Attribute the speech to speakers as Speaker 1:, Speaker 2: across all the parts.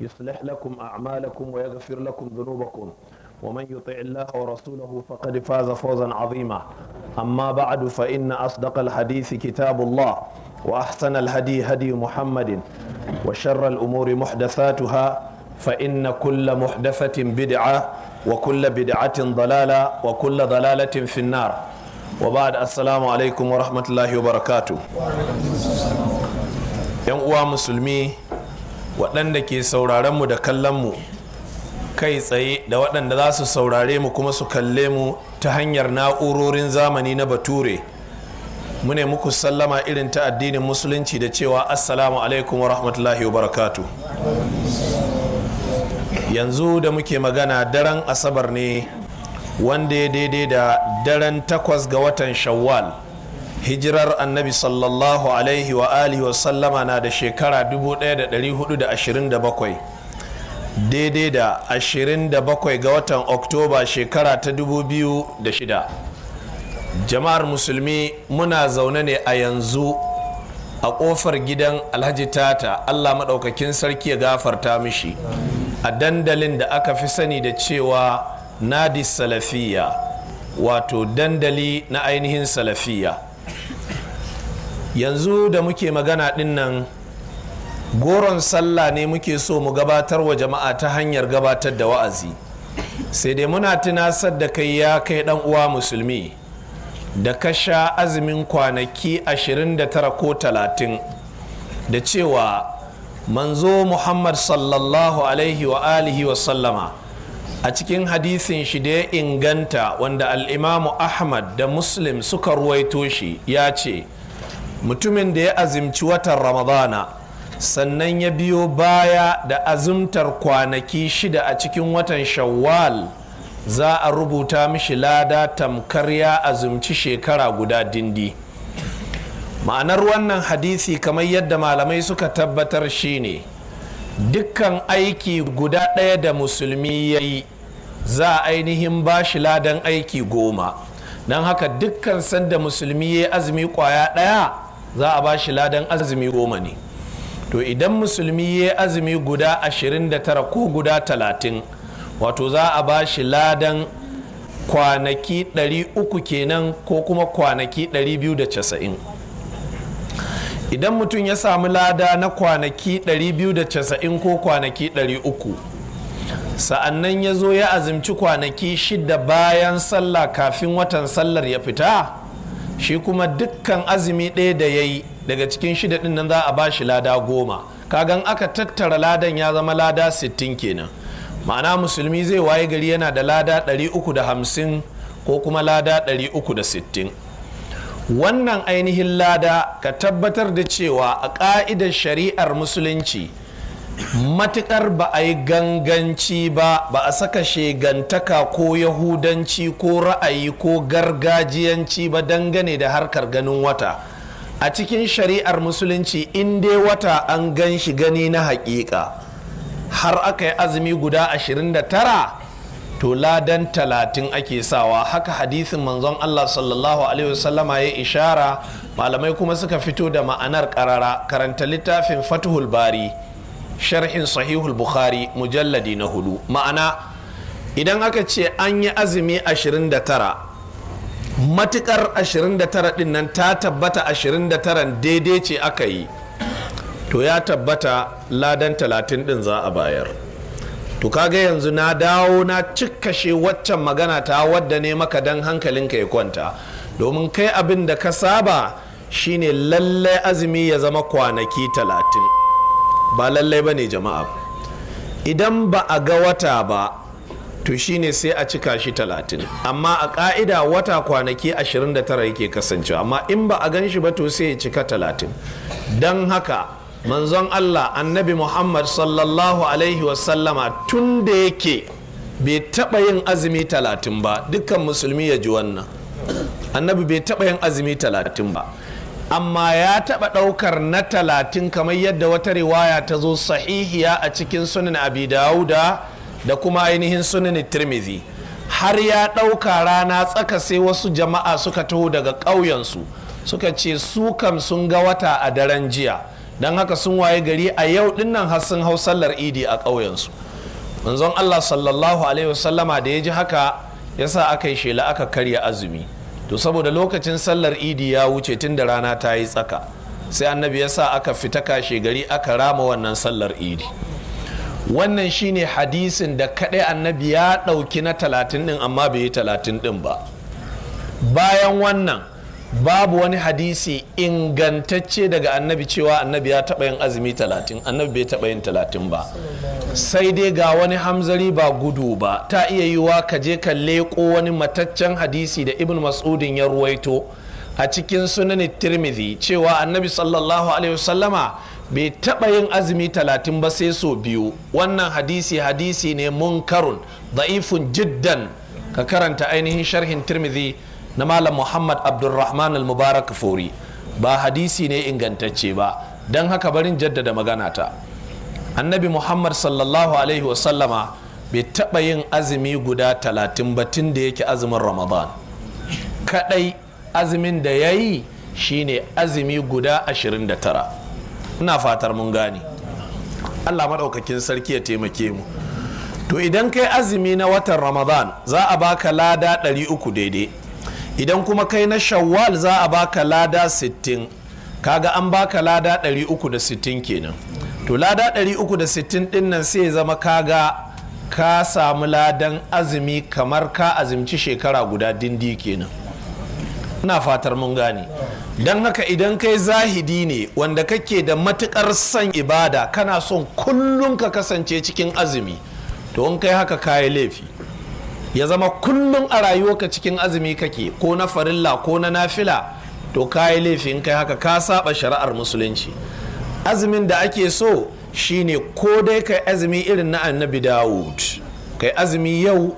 Speaker 1: يصلح لكم أعمالكم ويغفر لكم ذنوبكم ومن يطع الله ورسوله فقد فاز فوزا عظيما أما بعد فإن أصدق الحديث كتاب الله وأحسن الهدي هدي محمد وشر الأمور محدثاتها فإن كل محدثة بدعة وكل بدعة ضلالة وكل ضلالة في النار وبعد السلام عليكم ورحمة الله وبركاته yan uwa musulmi waɗanda ke sauraron mu da kallon mu kai tsaye da waɗanda za su saurare mu kuma su kalle mu ta hanyar na'urorin zamani na bature mu ne muku sallama irin ta addinin musulunci da cewa assalamu alaikum wa rahmatullahi wa barakatu yanzu da muke magana daren asabar ne wanda ya daidai da daren takwas ga watan shawwal hijirar annabi sallallahu alaihi wa alihi wa sallama na da shekara 1427 daidai da 27 ga watan oktoba shekara ta 2006 jama'ar musulmi muna zaune ne a yanzu a kofar gidan alhaji tata allah maɗaukakin sarki ya gafarta mishi a dandalin da aka fi sani da cewa nadi salafiya wato dandali na ainihin salafiya yanzu da muke magana dinnan goron sallah ne muke so mu gabatar wa jama'a ta hanyar gabatar da wa'azi sai dai muna tuna da kai ya kai dan uwa musulmi da ka sha azumin kwanaki 29 ko 30 da cewa manzo muhammad sallallahu alaihi wa alihi wa sallama a cikin hadisin shi da ya inganta wanda al'imamu ahmad da muslim suka ruwaito shi ya ce mutumin da ya azimci watan ramadana sannan ya biyo baya da azumtar kwanaki shida a cikin watan shawwal za a rubuta mishi lada tamkar ya azumci shekara guda dindi ma'anar wannan hadisi kamar yadda malamai suka tabbatar shine dukkan aiki guda ɗaya da musulmi ya yi za a ainihin ba shi ladan aiki goma don haka dukkan sanda musulmi ya azumi kwaya ɗaya za a ba shi ladan azumi goma ne to idan musulmi ya yi azumi guda 29 ko guda 30 wato za a ba shi ladan kwanaki 300 kenan ko kuma kwanaki 290 idan mutum ya samu lada na kwanaki 290 ko kwanaki 300 sa'annan ya zo ya azumci kwanaki shida bayan sallah kafin watan sallar ya fita shi kuma dukkan azumi ɗaya da ya yi daga cikin shida ɗin nan za a bashi lada goma kagan aka tattara ladan ya zama lada sittin kenan ma'ana musulmi zai waye gari yana da lada ɗari uku da hamsin ko kuma lada ɗari uku da sittin wannan ainihin lada ka tabbatar da cewa a ƙa'idar shari'ar musulunci matukar ba a yi ganganci ba ba a saka shegantaka ko yahudanci ko ra'ayi ko gargajiyanci ba dangane da harkar ganin wata a cikin shari'ar musulunci in dai wata an gan shi gani na haƙiƙa har aka yi azumi guda 29 to ladan talatin ake sawa haka hadisin manzon allah sallallahu alaihi wasallama ya ishara malamai kuma suka fito da ma'anar karara karanta littafin fatuhul bari sharhin sahihul bukhari mujalladi na hudu ma'ana idan aka ce an yi azumi 29 matukar 29 din nan ta tabbata 29 daidai ce aka yi to ya tabbata ladan 30 din za a bayar to kaga yanzu na dawo na cikkashe waccan magana ta wadda ne maka don hankalinka ya kwanta domin kai abin da ka saba shine lallai azumi ya zama kwanaki talatin ba lallai ba ne jama'a idan ba a ga wata ba to shine sai a cika shi talatin amma a ka'ida wata kwanaki 29 yake kasancewa amma in ba a gan shi ba to sai ya cika talatin don haka manzon allah annabi muhammad sallallahu alaihi wasallama tun da yake bai taba yin azumi talatin ba dukkan musulmi ya ji wannan annabi bai taba yin azumi talatin ba amma ya taɓa ɗaukar na talatin kamar yadda wata riwaya ta zo sahihiya a cikin sunan abi dauda da kuma ainihin sunan tirmidhi har ya ɗauka rana tsaka sai wasu jama'a suka taho daga ƙauyensu suka ce su kam sun ga wata a daren jiya don haka sun waye gari a yau dinnan har sun hau sallar idi a ƙauyensu manzon allah sallallahu alaihi wasallama da ya ji haka yasa aka yi shela aka karya azumi to saboda lokacin sallar idi ya wuce tun da rana ta yi tsaka sai annabi ya sa aka fita kashe gari aka rama wannan sallar idi wannan shine hadisin da kaɗai annabi ya ɗauki na talatin din amma bai yi talatin din ba bayan wannan babu wani hadisi ingantacce daga annabi cewa annabi ya taba yin azumi talatin annabi bai taɓa yin talatin ba sai dai ga wani hamzari ba gudu ba ta iya yiwa ka je ka leƙo wani mataccen hadisi da ibn mas'udin ya ruwaito a cikin sunan tirmidhi cewa annabi sallallahu alaihi wasallama bai taɓa yin azumi talatin ba sai so biyu wannan hadisi hadisi ne munkarun da'ifun jiddan ka karanta ainihin sharhin tirmidhi na malam muhammad abdulrahman al-mubarak fori ba hadisi ne ingantacce ba don haka barin jaddada magana ta annabi muhammad sallallahu alaihi wasallama bai taɓa yin azumi guda talatin batun da yake azumin ramadan kaɗai azumin da ya yi shine azumi guda ashirin da tara ina fatar mun gane allah maɗaukakin sarki ya taimake mu to idan kai azumi na watan ramadan za a baka lada ɗari uku daidai idan kuma kai na shawwal za a baka lada 60 kaga an baka lada 360 kenan to lada 360 din nan sai zama kaga ka samu ladan azumi kamar ka azumci shekara guda dindi kenan ina fatar mun gane don haka idan kai zahidi ne wanda kake da matukar son ibada kana son kullum ka kasance cikin azumi to in kai haka kayi laifi ya zama kullum a rayuwarka cikin azumi kake ko na farilla ko na nafila to ka yi laifin kai haka ka saba shari'ar musulunci azumin da ake so shine ko dai kai azumi irin na annabi dawud kai azumi yau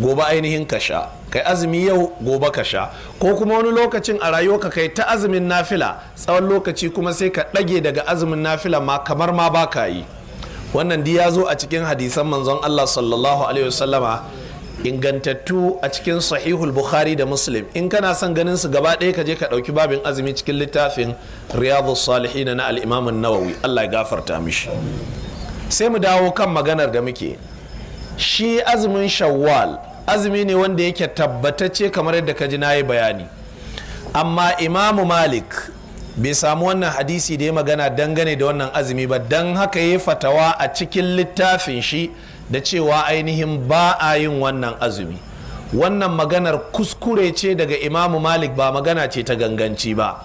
Speaker 1: gobe ainihin ka sha kai azumi yau gobe ka sha ko kuma wani lokacin a rayuwarka kai ta azumin nafila tsawon lokaci kuma sai ka ɗage daga azumin nafila ma kamar ma baka yi wannan di ya zo a cikin hadisan manzon allah sallallahu alaihi wasallama ingantattu a cikin sahihul bukhari da muslim in kana son ganin su gaba ɗaya kaje ka ɗauki babin azumi cikin littafin riyadu salihin na al'imamin nawawi allah ya gafarta mishi sai mu dawo kan maganar da muke shi azumin shawwal azumi ne wanda yake tabbatacce kamar yadda ka ji na yi bayani amma imamu malik bai samu wannan hadisi da ya magana dangane da wannan azumi ba don haka ya fatawa a cikin littafin shi da cewa ainihin ba a yin wannan azumi wannan maganar kuskure ce daga imamu malik ba magana ce ta ganganci ba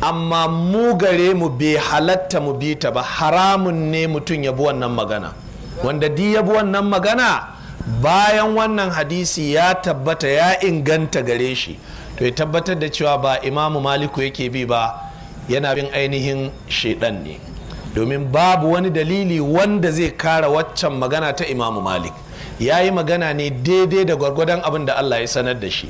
Speaker 1: amma mu gare mu bai halatta mu bi ta ba haramun ne mutum ya bi wannan magana wanda di ya bi wannan magana bayan wannan hadisi ya tabbata ya inganta gare shi to ya tabbatar da cewa ba imamu maliku yake bi ba yana bin ainihin shaidan ne domin babu wani dalili wanda zai kara waccan magana ta imamu malik ya yi magana ne daidai da gwargwadon abin da allah ya sanar da shi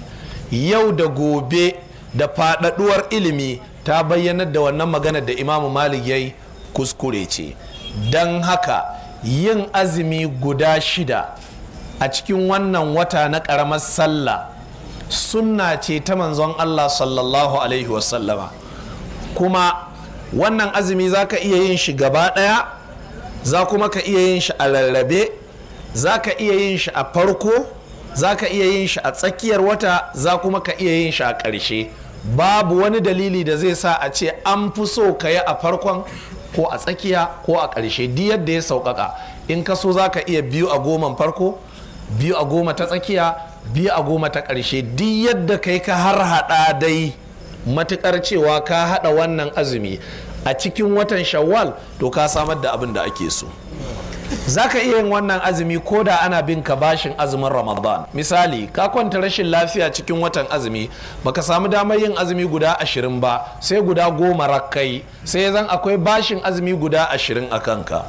Speaker 1: yau da gobe da faɗaɗuwar ilimi ta bayyanar da wannan magana da imamu malik ya yi kuskure ce don haka yin azumi guda shida a cikin wannan wata na ƙaramar sallah sunna ce ta manzon allah sallallahu alaihi wasallama kuma wannan azumi za ka iya yin shi gaba ɗaya za kuma ka iya yin shi a lallabe za ka iya yin shi a farko za ka iya yin shi a tsakiyar wata za kuma ka iya yin shi a ƙarshe babu wani dalili da zai sa a ce an fi so ka yi a farkon ko a tsakiya ko a ƙarshe duk yadda ya sauƙaƙa in ka so za ka iya biyu a goma farko biyu a goma ta tsakiya biyu a goma ta ƙarshe duk yadda kai ka har haɗa dai matukar cewa ka hada wannan azumi a cikin watan shawwal to ka samar da abin da ake so za ka iya yin wannan azumi ko da ana bin ka bashin azumin ramadan misali ka kwanta rashin lafiya cikin watan azumi baka samu damar yin azumi guda ashirin ba sai guda goma rakkai sai zan akwai bashin azumi guda ashirin a kanka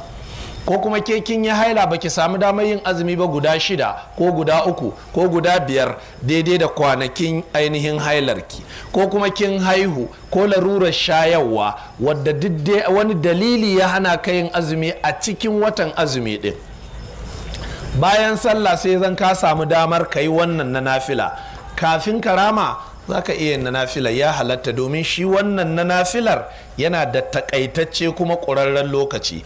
Speaker 1: ko kuma ke kin yi haila ba ki samu damar yin azumi ba guda shida ko guda uku ko guda biyar daidai da kwanakin ainihin hailarki ko kuma kin haihu ko larurar shayarwa wadda wani dalili ya hana ka yin azumi a cikin watan azumi din bayan sallah sai zan ka samu damar ka yi wannan na nafila kafin karama za ka iya na nafila ya halatta domin shi wannan na nafilar yana da takaitacce kuma ƙurarren lokaci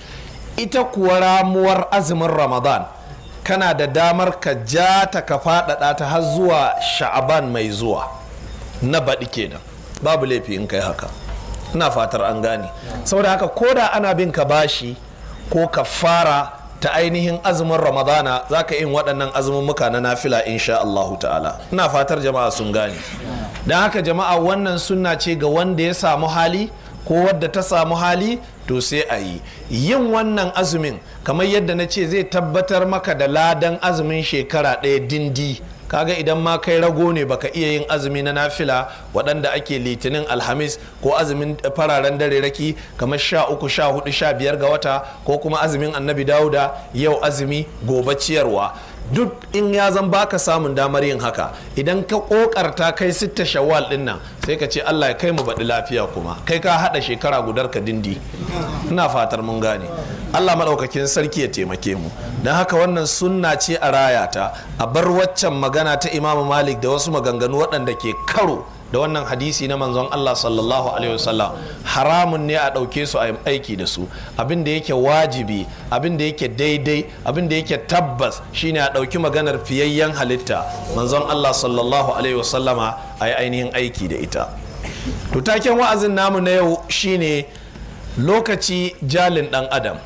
Speaker 1: ita kuwa ramuwar azumin ramadan kana da damar ka ja ta ka faɗaɗa ta har zuwa sha'aban mai zuwa na baɗi kenan babu laifi in kai haka ina fatar an gane saboda haka ko da ana bin ka bashi ko ka fara ta ainihin azumin ramadana za ka yin waɗannan azumin muka na nafila insha Allahu ta'ala ina fatar jama'a sun gane don haka jama'a wannan sunna ce ga wanda ya samu hali ko wadda ta samu hali to sai a yi yin wannan azumin kamar yadda na ce zai tabbatar maka da ladan azumin shekara ɗaya dindi kaga idan ma kai rago ne baka iya yin azumi na nafila waɗanda ake litinin alhamis ko azumin fararen dare raki kamar sha uku sha hudu sha biyar ga wata ko kuma azumin annabi dawuda yau azumi gobe ciyarwa duk in ya zan baka samun damar yin haka idan ka kokarta kai sitta shawwal din nan sai ka ce Allah ya kai mu baɗi lafiya kuma kai ka haɗa shekara gudar ka dindi ina fatar mun gane Allah maɗaukakin sarki ya taimake mu don haka wannan sunna ce a rayata a bar waccan magana ta imamu malik da wasu maganganu waɗanda ke karo da wannan hadisi na manzon Allah sallallahu alaihi wasallam haramun ne a ɗauke su a aiki da su abin da yake wajibi abin da yake daidai abin da yake tabbas shine a ɗauki maganar fiyayyen halitta manzon Allah sallallahu alaihi wasallama a yi ainihin aiki da ita to wa'azin namu na yau shine lokaci jalin ɗan adam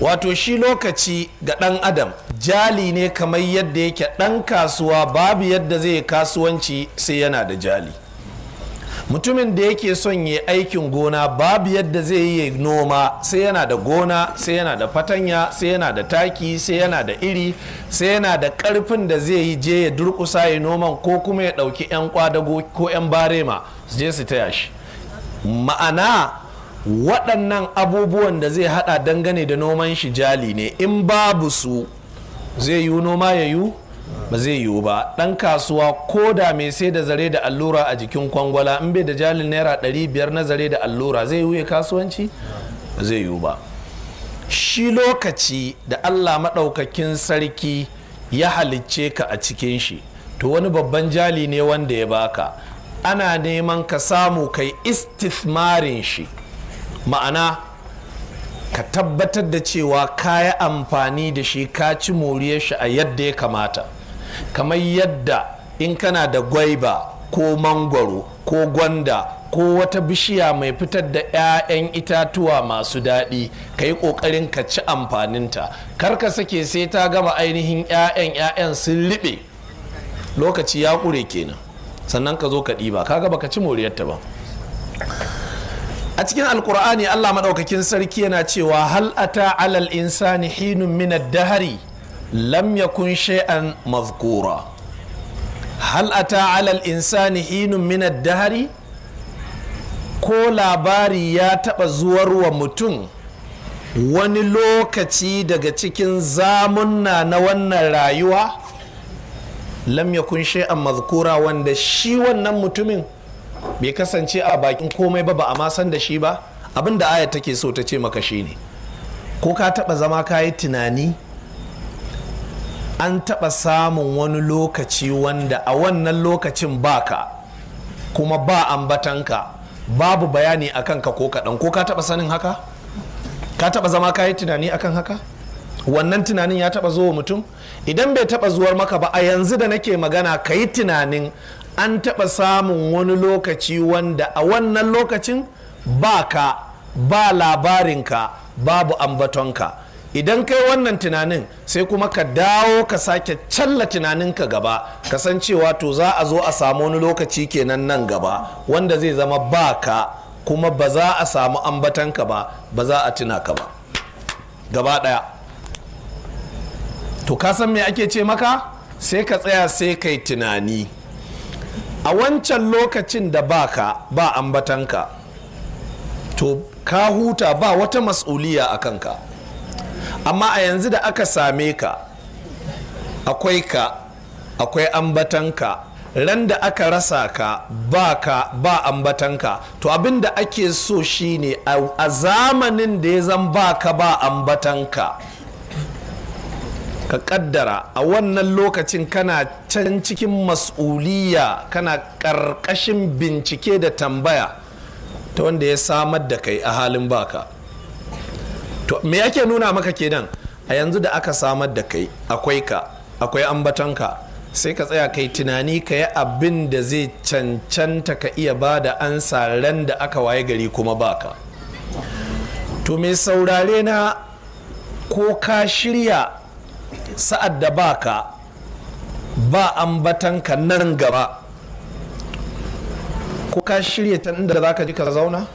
Speaker 1: wato shi lokaci ga ɗan adam jali ne kamar yadda yake ɗan kasuwa babu yadda zai kasuwanci sai yana da jali mutumin da yake son yi aikin gona babu yadda zai yi noma sai yana da gona sai yana da fatanya sai yana da taki sai yana da iri sai yana da karfin da zai yi je ya durkusa ya noman ko kuma ya ɗauki 'yan kwadago ko 'yan barema su je su taya shi ma'ana waɗannan abubuwan da zai haɗa dangane da noman shi jali ne in babu su zai yiwu noma ya yiwu ba zai yiwu ba ɗan kasuwa ko da mai sai da zare da allura a jikin kwangwala in bai da jalin naira ɗari biyar na zare da allura zai yiwu kasuwanci ba zai yiwu ba shi lokaci da allah maɗaukakin sarki ya halicce ka a cikin shi to wani babban jali ne wanda ya baka ana neman ka samu kai istithmarin shi ma'ana ka tabbatar da cewa ka yi amfani da shi ka ci moriyar shi a yadda ya kamata kamar yadda in kana da gwaiba ko mangwaro ko gwanda ko wata bishiya mai fitar da 'ya'yan itatuwa masu daɗi ka yi ƙoƙarin ka ci amfaninta kar ka sake sai ta gama ainihin 'ya'yan 'ya'yan sun liɓe lokaci ya ƙure kenan sannan ka zo ka ɗiba ka gaba ka ci moriyarta ba a cikin alkur'ani allah maɗaukakin sarki yana cewa hal ata alal insani hinun minad dahari lam yakun shay'an mazkura hal ata alal insani hinun minad dahari ko labari ya taɓa zuwar wa mutum wani lokaci daga cikin zamunna na wannan rayuwa lam yakun shay'an mazkura wanda shi wannan mutumin bai kasance a bakin komai ba ba a ma san da shi ba abin da aya take so ta ce maka shi ne ko ka taba zama ka yi tunani an taba samun wani lokaci wanda a wannan lokacin baka kuma ba ambatanka babu bayani a kanka ko kaɗan ko ka taba sanin haka ka taba zama ka yi tunani akan haka wannan tunanin ya taba zuwa mutum idan bai taba zuwar maka ba a yanzu da nake magana ka yi tunanin an taɓa samun wani lokaci wanda a wannan lokacin ba ka ba labarinka babu ambatonka idan kai wannan tunanin sai kuma ka dawo ka sake challa tunaninka gaba kasancewa to za a zo a samu wani lokaci kenan nan gaba wanda zai zama ba ka kuma ba za a samu ambatanka ba ba za a tuna ka ba gaba ɗaya to ka san me ake ce maka sai ka tsaya sai kai tunani a wancan lokacin da baka ba ambatanka to ka huta ba wata mas'uliya a kanka amma a yanzu da aka same ka akwai ka akwai ambatanka ran da aka rasa ka ba ka ba ambatanka to abin da ake so shine a zamanin da ya zan ba ka ba ambatanka ka kaddara a wannan lokacin kana can cikin mas'uliya kana ƙarƙashin bincike da tambaya ta wanda ya samar da kai a halin baka to me yake nuna maka kenan a yanzu da aka samar da kai akwai ka akwai ka sai ka tsaya kai tunani ka yi abin da zai cancanta ka iya ba da ansa ran da aka waye gari kuma baka to mai saurare na ko ka shirya sa'ad da ba ka ba ambatanka nan gaba ko ka shirya ta inda za ka ji ka zauna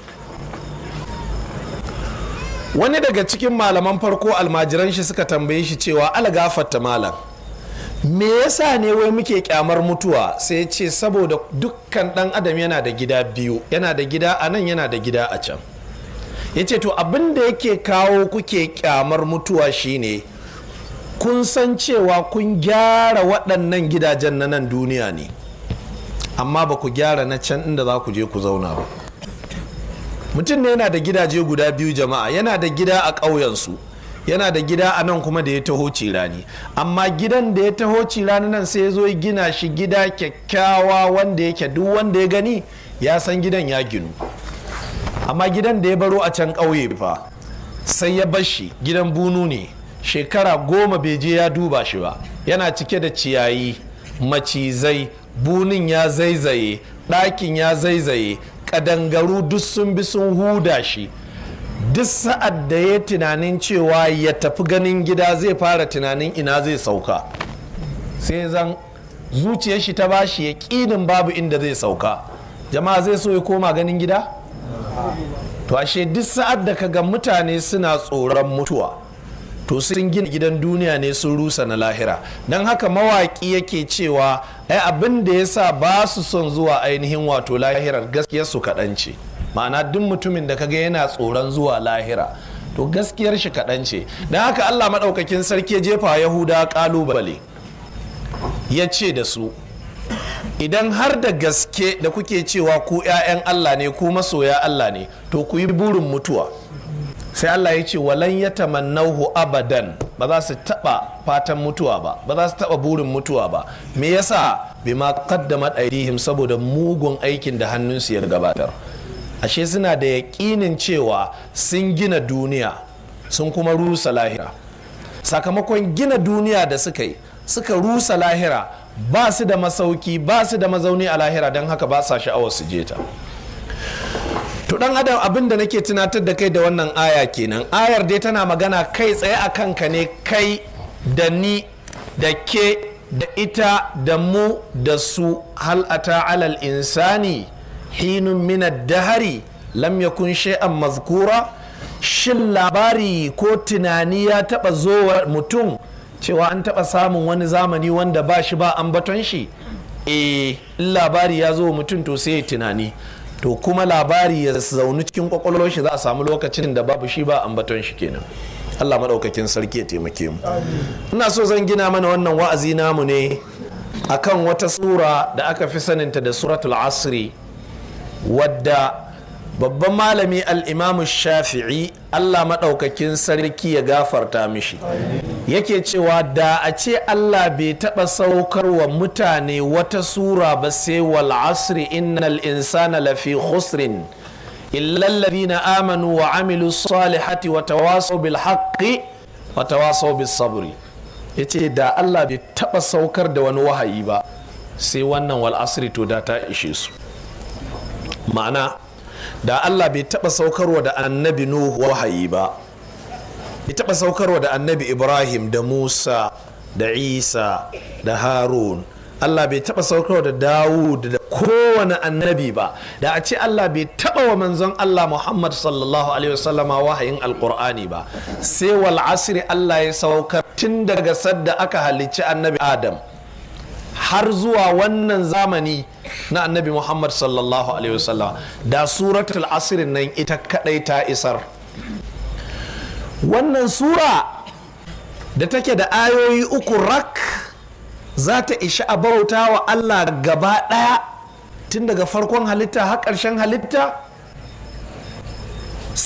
Speaker 1: wani daga cikin malaman farko almajiran shi suka tambaye shi cewa algafatta malam me yasa ne wai muke kyamar mutuwa sai ce saboda dukkan dan adam yana da gida biyu yana da gida a nan yana da gida a can ya ce to abin da yake kawo kuke kyamar mutuwa shine kun san cewa kun gyara waɗannan gidajen na nan duniya ne amma ba ku gyara na can inda za ku je ku zauna ba mutum ne yana da gidaje guda biyu jama'a yana da gida a ƙauyensu yana da gida a nan kuma da ya taho cirani amma gidan da ya taho cira na nan sai ya zo ya gina shi gida kyakkyawa wanda yake duk wanda ya gani ya san gidan ya ginu amma gidan da ya baro a can ƙauye ba sai ya bashi gidan bunu ne shekara goma bai je ya duba shi ba yana cike da ciyayi macizai bunin ya zaizaye ɗakin ya zaizaye ƙadangaru duk sun bi sun huda shi duk sa'ad da ya tunanin cewa ya tafi ganin gida zai fara tunanin ina zai sauka sai zan zuciyar shi ta bashi ya ƙinin babu inda zai sauka jama'a zai so ya koma ganin gida to ashe duk sa'ad da ka ga mutane suna tsoron mutuwa to sun gina gidan duniya ne sun rusa na lahira don haka mawaƙi yake cewa ai abin da ya sa ba su son zuwa ainihin wato lahirar gaskiyar su kaɗan ce ma'ana duk mutumin da kaga yana tsoron zuwa lahira to gaskiyar shi kaɗan ce don haka allah maɗaukakin sarki jefa yahuda ƙalubale ya ce da su idan har da gaske da kuke cewa ku 'ya'yan Allah ne ku masoya Allah ne to ku yi burin mutuwa sai Allah ya ce walan ya tamannahu abadan ba za su taba fatan mutuwa ba ba za su taba burin mutuwa ba me yasa ma qaddamat aidihim saboda mugun aikin da hannunsu ya gabatar ashe suna da yaƙinin cewa sun gina duniya sun kuma rusa lahira sakamakon gina duniya da suka yi suka rusa lahira ba su da masauki ba su da mazauni a lahira don haka ba sa sha'awar su je ta to dan adam abin da nake tunatar da kai da wannan aya kenan ayar dai tana magana kai tsaye a kanka ne kai da ni da ke da ita da mu da su hal ata alal insani hinun da dahari lam yakun shay'an mazkura shin labari ko tunani ya taba zowa mutum cewa an taba samun wani zamani wanda ba shi ba ambaton shi eh labari ya zo mutum to sai tunani to kuma labari ya zaune cikin kwakwalwar shi za a samu lokacin da babu shi ba ambaton shi kenan Allah maɗaukakin sarki ya taimake mu ina so zan gina mana wannan wa'azi namu ne akan wata sura da aka fi saninta da suratul asiri wadda babban malami al'imamu shafi'i allah maɗaukakin sarki ya gafarta mishi yake cewa da a ce allah bai taɓa saukarwa mutane wata sura ba sai wal asri innal insana lafi khusrin illallabi na amanu wa amilu salihati wa tawasau bil haqqi wa tawasau bil sabri ya ce da allah bai taɓa saukar da wani wahayi ba sai wannan wal asri to da ta ishe su ma'ana da Allah bai taɓa saukarwa da annabi Nuhu wahayi ba bai taɓa saukarwa da annabi Ibrahim da Musa da Isa da Harun Allah bai taɓa saukarwa da Dawud da kowane annabi ba da a ce Allah bai taɓa wa manzon Allah Muhammad sallallahu alaihi wasallama wahayin alqur'ani ba sai wal asri Allah ya saukar tun daga sadda aka halicci annabi Adam har zuwa wannan zamani na annabi muhammad sallallahu alaihi wasallam da suratul asirin nan ita kadai ta isar wannan sura da take da ayoyi uku rak za ta ishi a bauta wa allah gaba daya tun daga farkon halitta har ƙarshen halitta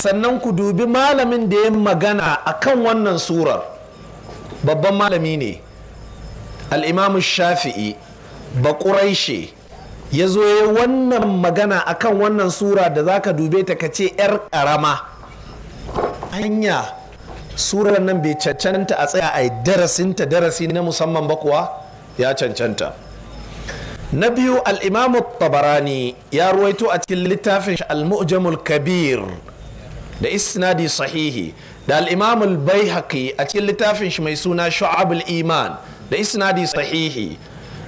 Speaker 1: sannan ku dubi malamin da ya magana akan wannan surar babban malami ne al'imamu shafi'i ba ƙuraishe ya zo ya wannan magana akan wannan sura da za ka dube ta ka ce 'yar ƙarama hanya surar nan bai cancanta a tsaya a darasinta darasi na musamman ba kuwa ya cancanta na biyu al'imamu tabarani ya ruwaito a cikin littafin al-mu'jamul kabir da isnadi sahihi da al'imamul bai a cikin littafin shi mai suna shu'abul iman da isnadi sahihi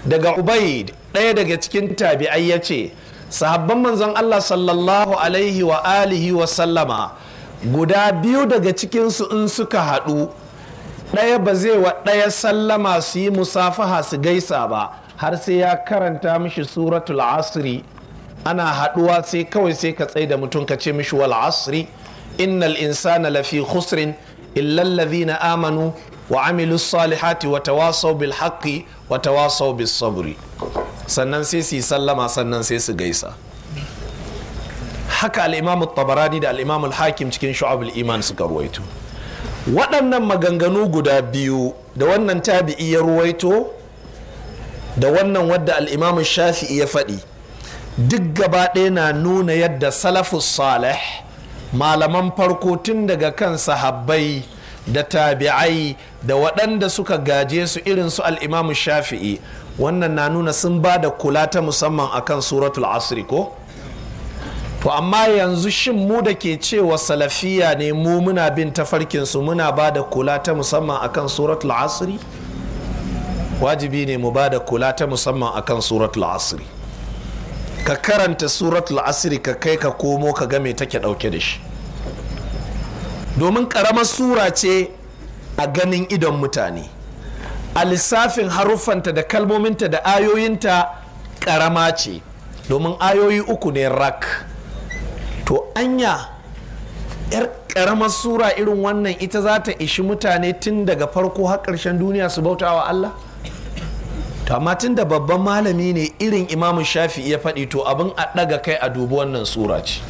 Speaker 1: daga ubaid ɗaya daga cikin tabi'ai ya ce sahabban manzon Allah sallallahu alaihi wa alihi wa sallama guda biyu daga cikinsu in suka haɗu ɗaya ba zai wa ɗaya sallama su yi musafaha su gaisa ba har sai ya karanta mishi suratul asri ana haɗuwa sai kawai sai ka tsaye da mutum ka ce mishi wal asri innal insana lafi khusrin illal na amanu wa amilu salihati wa tawasau bil haqqi wa tawasau sabri sannan sai su yi sallama sannan sai su gaisa haka al tabarani da alimamul hakim cikin shu'abul iman suka ruwaito waɗannan maganganu guda biyu da wannan tabi'i ya ruwaito da wannan wadda al Shafi shafi'i ya faɗi duk gaba ɗaya na nuna yadda salafus salih malaman farko tun daga kan sahabbai da tabi'ai da waɗanda suka gaje su irin su al'imamu shafi'i wannan na nuna sun ba da kula ta musamman akan suratul asri ko to amma yanzu shin mu da ke cewa salafiya ne mu muna bin su muna ba da kula ta musamman akan suratul asri wajibi ne mu ba da kula ta musamman akan suratul asri ka karanta suratul asri ka kai ka komo ka ga me take ɗauke da shi domin karamar sura ce a ganin idon mutane a lissafin haruffanta da kalmominta da ayoyinta karama ce domin ayoyi uku ne rak to anya yar karamar sura irin wannan ita za ta ishi mutane tun daga farko har ƙarshen duniya su bauta wa Allah to amma tun da babban malami ne irin imamu shafi ya faɗi to abin a ɗaga kai a dubi wannan sura ce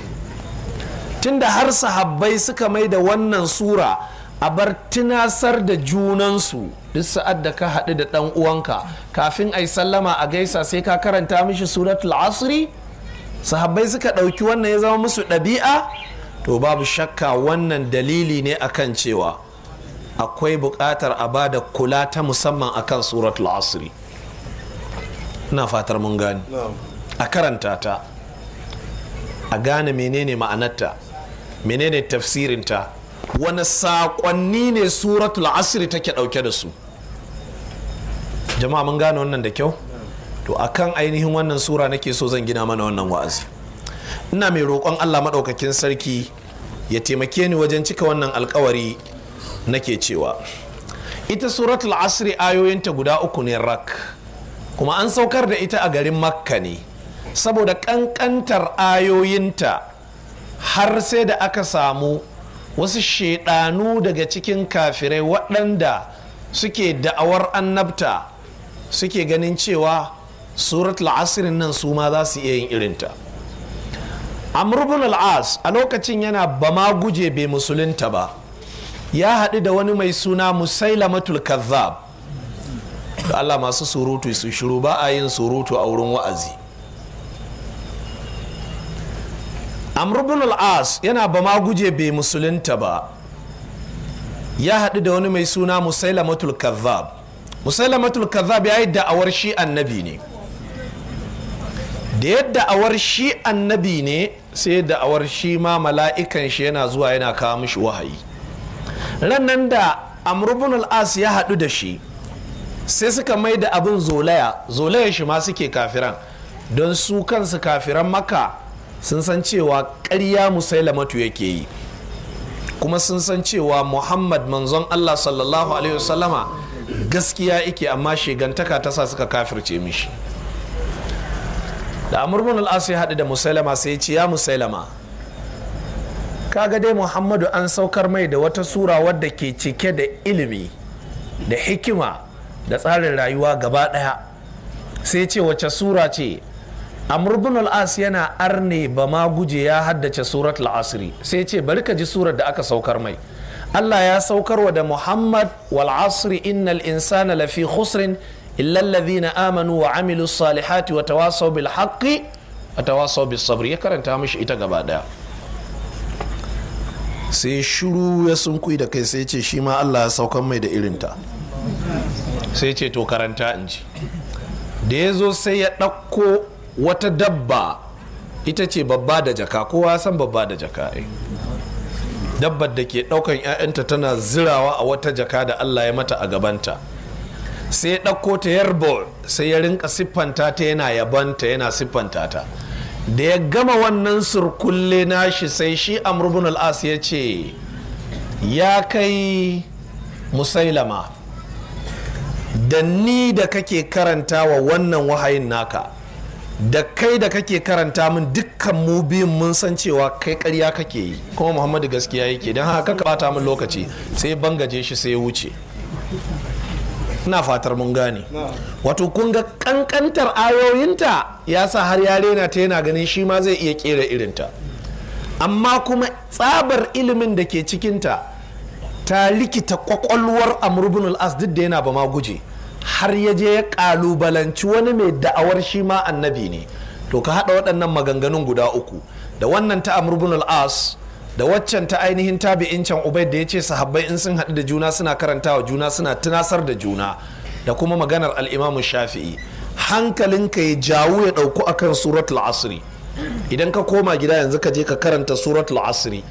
Speaker 1: tunda har sahabbai suka mai da wannan sura a bar tunasar da junansu duk sa'ad da ka haɗu da ɗan uwanka kafin yi sallama a gaisa sai ka karanta mishi suratul asri sahabbai suka ɗauki wannan ya zama musu ɗabi'a to babu shakka wannan dalili ne akan cewa akwai buƙatar a ba da kula ta musamman akan suratul asri ina fatar mun gane a karanta ta a gane menene ma'anarta menene tafsirinta wani saƙonni ne suratul asiri take ɗauke da su jama'a mun gane wannan da kyau to akan ainihin wannan sura nake so zan gina mana wannan wa'azi ina mai roƙon allah maɗaukakin sarki ya taimake ni wajen cika wannan alkawari nake cewa ita suratul asiri ayoyinta guda uku ne rak kuma an saukar da ita a garin makka ne saboda ƙanƙantar ayoyinta har sai da aka samu wasu shaidanu daga cikin kafirai waɗanda suke da'awar annabta suke ganin cewa surat al'asirin nan su ma za su iya yin irinta amurbin al'as a lokacin yana ba ma guje bai musulunta ba ya haɗu da wani mai suna Musaila matul kazzab da allah masu surutu su shiru ba a yin surutu a wurin wa'azi amrubun al'as yana ba ma guje bai musulunta ba ya haɗu da wani mai suna musailamatul kazzab musailamatul kazzab ya yi da'awar shi annabi ne da yadda awar shi annabi ne sai da'awar shi ma mala'ikan shi yana zuwa yana kawo mishi wahayi rannan da amrubun al'as ya haɗu da shi sai suka mai da abin zolaya zolaya shi ma suke kafiran don su kansu kafiran maka sun san cewa ƙarya musailamatu yake yi kuma sun san cewa muhammad manzon allah sallallahu alaihi wasallama gaskiya yake amma shigantaka ta sa suka kafirce mishi da amurbin al'asu ya haɗu da musailama sai ya ce ya musailama kaga dai muhammadu an saukar mai da wata sura wadda ke cike da ilimi da hikima da tsarin rayuwa gaba ɗaya sai ce wace sura ce amurbin al'as yana arne ba ma guje ya haddace surat al'asiri sai ce bari ka ji surar da aka saukar mai Allah ya saukar wa da Muhammad wal asri innal insana lafi khusrin illa na amanu wa amilu salihati wa tawasaw bil haqqi wa tawasaw bis sabr ya karanta mashi ita gaba daya sai shiru ya sunkui da kai sai ce shi ma Allah ya saukar mai da irinta sai ce to karanta in ji da ya zo sai ya ɗauko wata dabba ita ce babba da jaka kowa san babba da jaka eh. dabbar da ke daukan 'ya'yanta tana zirawa a wata jaka da allah ya mata a gabanta sai ya ɗauko ta yarbo sai ya rinka siffanta ta yana yabanta yana siffanta ta da ya gama wannan surkulle nashi sai shi amurbin al'as ya ce ya kai musailama da ni da kake karanta wa wannan wahayin naka da kai da kake karanta min dukkan mu biyun mun san cewa kai karya kake yi kuma muhammadu gaskiya yake don haka ka bata min lokaci sai bangaje shi sai wuce ina fatar mun gane wato kun ga kankantar ayoyinta ya sa har ya rena ta yana ganin shi ma zai iya kera irinta amma kuma tsabar ilimin da ke cikinta ta likita kwakwalwar amurbin al'as duk da yana ba ma guje har ya je ya kalubalanci wani mai da'awar shi ma annabi ne to ka hada waɗannan maganganun guda uku da wannan ta amurbin al'as da waccan ta ainihin tabi'in can ubaid da ya ce sahabbai in sun haɗu da juna suna karanta wa juna suna tunasar da juna da kuma maganar al'imamu shafi'i hankalinka ya jawo ya ɗauku akan suratul asri idan ka koma gida yanzu ka je ka karanta suratul asri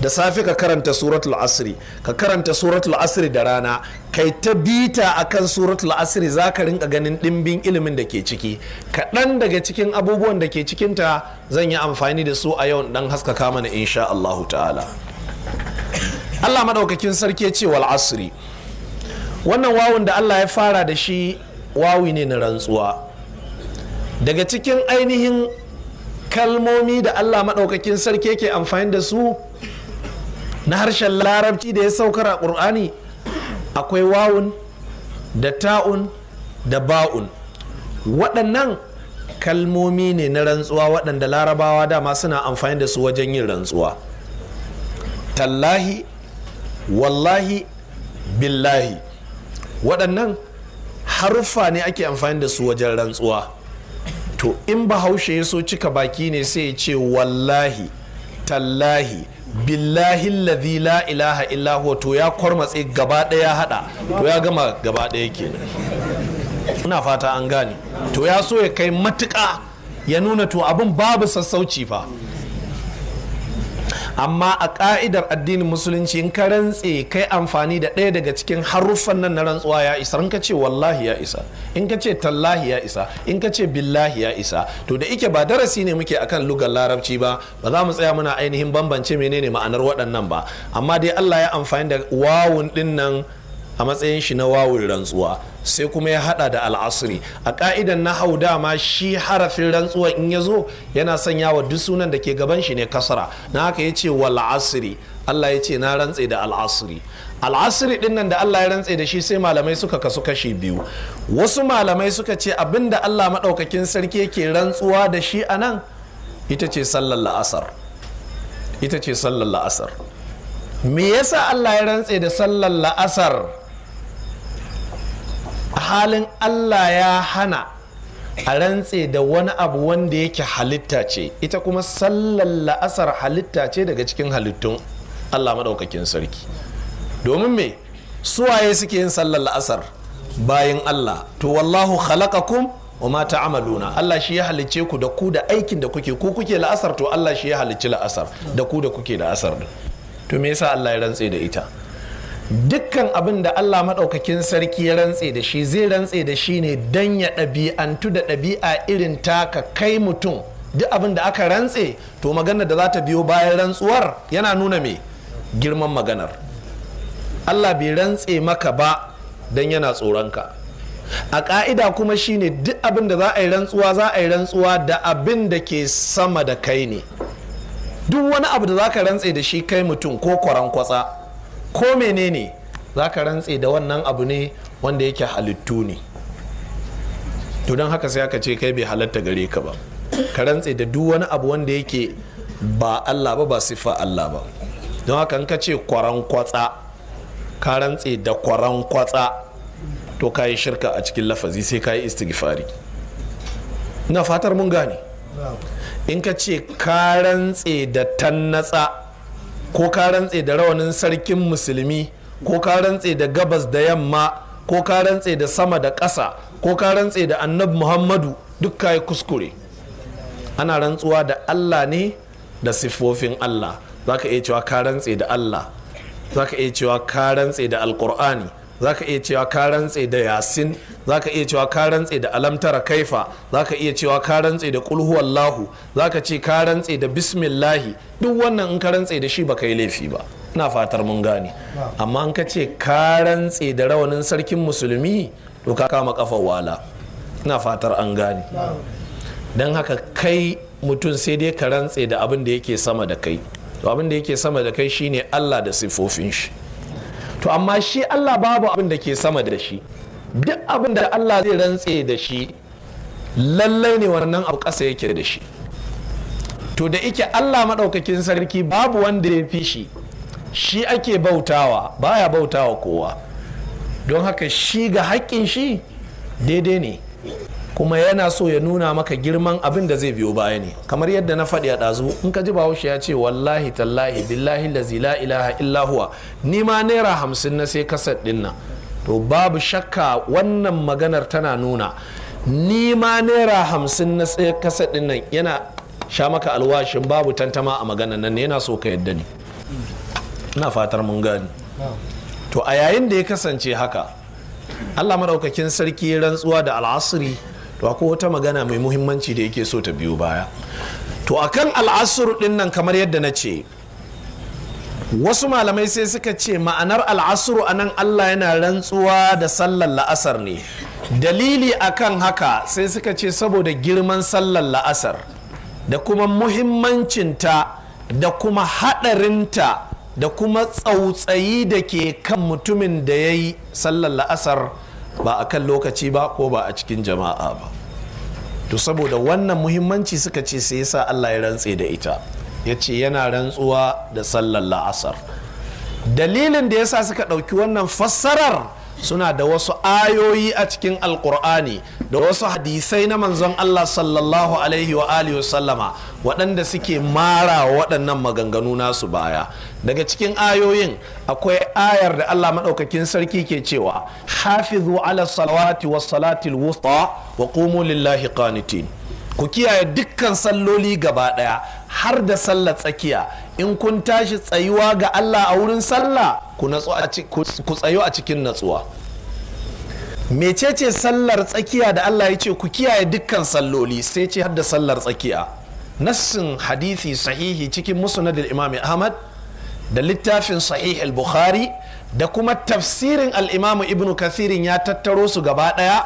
Speaker 1: da safe ka karanta suratul asri ka karanta suratul asri da rana kai ta bita akan suratul asri za ka rinka ganin ɗimbin ilimin da ke ciki kaɗan daga cikin abubuwan da ke cikinta zan yi amfani da su a yau dan haskaka mana insha Allahu ta'ala Allah maɗaukakin sarki ce wal asri wannan wawun da Allah ya fara da shi wawi ne na rantsuwa daga cikin ainihin kalmomi da Allah maɗaukakin sarki yake amfani da su na harshen larabci da ya saukar a ƙur'ani akwai wawun da ta'un da ba'un waɗannan kalmomi ne na rantsuwa waɗanda larabawa dama suna amfani da su wajen yin rantsuwa tallahi wallahi billahi waɗannan haruffa ne ake amfani da su wajen rantsuwa to in bahaushe ya so cika baki ne sai ya ce wallahi tallahi billahi lazi la ilaha illa to ya kwarmatse gaba daya hada to ya gama gaba daya ke ina fata an gane to ya so ya kai matuka ya nuna to abin babu sassauci fa amma a ka'idar addinin musulunci in ka rantse kai amfani da ɗaya daga cikin haruffan nan na rantsuwa ya isa in ka ce wallahi ya isa in ka ce tallahi ya isa in ka ce billahi ya isa to da ike ba darasi ne muke akan lugar larabci ba ba za mu tsaya muna ainihin bambance menene ma'anar waɗannan ba amma dai Allah ya amfani da wawun ɗin a matsayin shi na wawun rantsuwa sai kuma ya hada da al'asiri. a ka'idan na hau dama shi harafin rantsuwa in ya zo yana sanya wa duk sunan da ke gaban shi ne kasara na haka ya ce wal asri Allah ya ce na rantse da al'asri Al'asiri din nan da Allah ya rantse da shi sai malamai suka kasu kashi biyu wasu malamai suka ce abinda Allah maɗaukakin sarki yake rantsuwa da shi a nan ita ce sallar la'asar ita ce sallar la'asar me yasa Allah ya rantse da sallar la'asar A halin allah ya hana a rantse da wani abu wanda yake halitta ce ita kuma sallar la'asar halitta ce daga cikin halittun allah maɗaukakin sarki domin me suwaye suke yin sallar la'asar bayan allah to wallahu khalaqakum wa ma ta'amaluna Allah shi ya halicce ku da ku da aikin da kuke ko kuke la'asar to Allah shi ya halicci la'asar da ku da kuke la'asar to me yasa Allah ya rantse da ita dukkan abin da Allah maɗaukakin sarki ya rantse da shi zai rantse da shi ne don ya ɗabi'antu da ɗabi'a irin ta ka kai mutum duk abin da aka rantse to magana da za ta biyo bayan rantsuwar yana nuna mai girman maganar Allah bai rantse maka ba don yana tsoronka a ka'ida kuma shine duk abin da za a yi rantsuwa za a yi rantsuwa da abin da ke sama da kai ne duk wani abu da za ka rantse da shi kai mutum ko kwaran kwatsa ko menene za ka rantse da wannan abu ne wanda yake halittu ne to don haka sai aka ce kai bai halatta gare ka ba ka rantse da duk wani abu wanda yake ba Allah ba ba siffa Allah ba don haka in ka ce kwaran kwatsa ka rantse da kwaran kwatsa to ka yi shirka a cikin lafazi sai ka yi istighfari na fatar mun gane in ka ce ka rantse da tannatsa ko ka rantse da rawanin sarkin musulmi ko ka rantse da gabas da yamma ko ka rantse da sama da ƙasa ko ka rantse da annabi muhammadu duk ka kuskure ana rantsuwa da allah ne da siffofin allah za ka iya cewa ka rantse da allah za ka iya cewa ka rantse da alkur'ani Za ka iya cewa ka rantse da yasin ka iya cewa ka rantse da alamtara kaifa za ka iya cewa ka rantse da kulhu wallahu ka ce ka rantse da bismillahi duk wannan in ka rantse da shi ba yi laifi ba ina fatar mun gane amma in ka ce ka rantse da rawanin sarkin musulmi to ka kama kafa wala ina fatar an gane don haka kai mutum sai dai ka rantse da abin da yake sama da kai to abin da yake sama da kai shine Allah da siffofin shi to amma shi Allah babu abin da ke sama da shi duk abin da Allah zai rantse da shi lallai ne wannan abu ƙasa yake da shi to da ike Allah maɗaukakin sarki babu wanda ya fi shi shi ake bautawa baya bautawa kowa don haka shi ga haƙƙin shi daidai ne kuma yana so ya nuna maka girman abin da zai biyo baya ne kamar yadda na faɗi a ɗazu in ka ji bahaushe ya ce wallahi tallahi billahi lazi la ilaha illa ni ma naira hamsin na sai kasar ɗin nan to babu shakka wannan maganar tana nuna ni ma naira hamsin na sai kasar ɗin nan yana sha maka alwashin babu tantama a maganar nan yana so ka yadda ne ina fatar mun gani to a yayin da ya kasance haka Allah maɗaukakin sarki rantsuwa da al'asiri to akwai wata magana mai muhimmanci da yake so ta biyo baya to akan al'asur din nan kamar yadda na ce wasu malamai sai suka ce ma'anar al'asuru a nan allah yana rantsuwa da sallar la'asar ne dalili akan haka sai suka ce saboda girman sallar la'asar da kuma muhimmancinta da kuma haɗarinta da kuma tsautsayi da ke kan mutumin da ya yi sallar la'asar ba a kan lokaci ba ko ba a cikin jama'a ba to saboda wannan muhimmanci suka ce sai yasa Allah ya rantse da ita ya ce yana rantsuwa da sallar la'asar dalilin da yasa suka ɗauki wannan fassarar suna da wasu ayoyi a cikin alkur'ani da wasu hadisai na manzon Allah sallallahu alaihi wa alihi sallama waɗanda suke mara waɗannan maganganu nasu baya daga cikin ayoyin akwai ayar da Allah maɗaukakin sarki ke cewa hafizu ala salawati wa salati wusta wa qumu lillahi qanitin ku kiyaye dukkan salloli gaba ɗaya har da sallar tsakiya in kun tashi tsayuwa ga Allah a wurin sallah ku tsayo a cikin natsuwa mecece sallar tsakiya da Allah ya ce ku kiyaye dukkan salloli sai ce hadda sallar tsakiya nassin hadisi sahihi cikin musnad imam Ahmad da littafin sahih al-Bukhari da kuma tafsirin al-imam Ibn Kathirin ya tattaro su gaba daya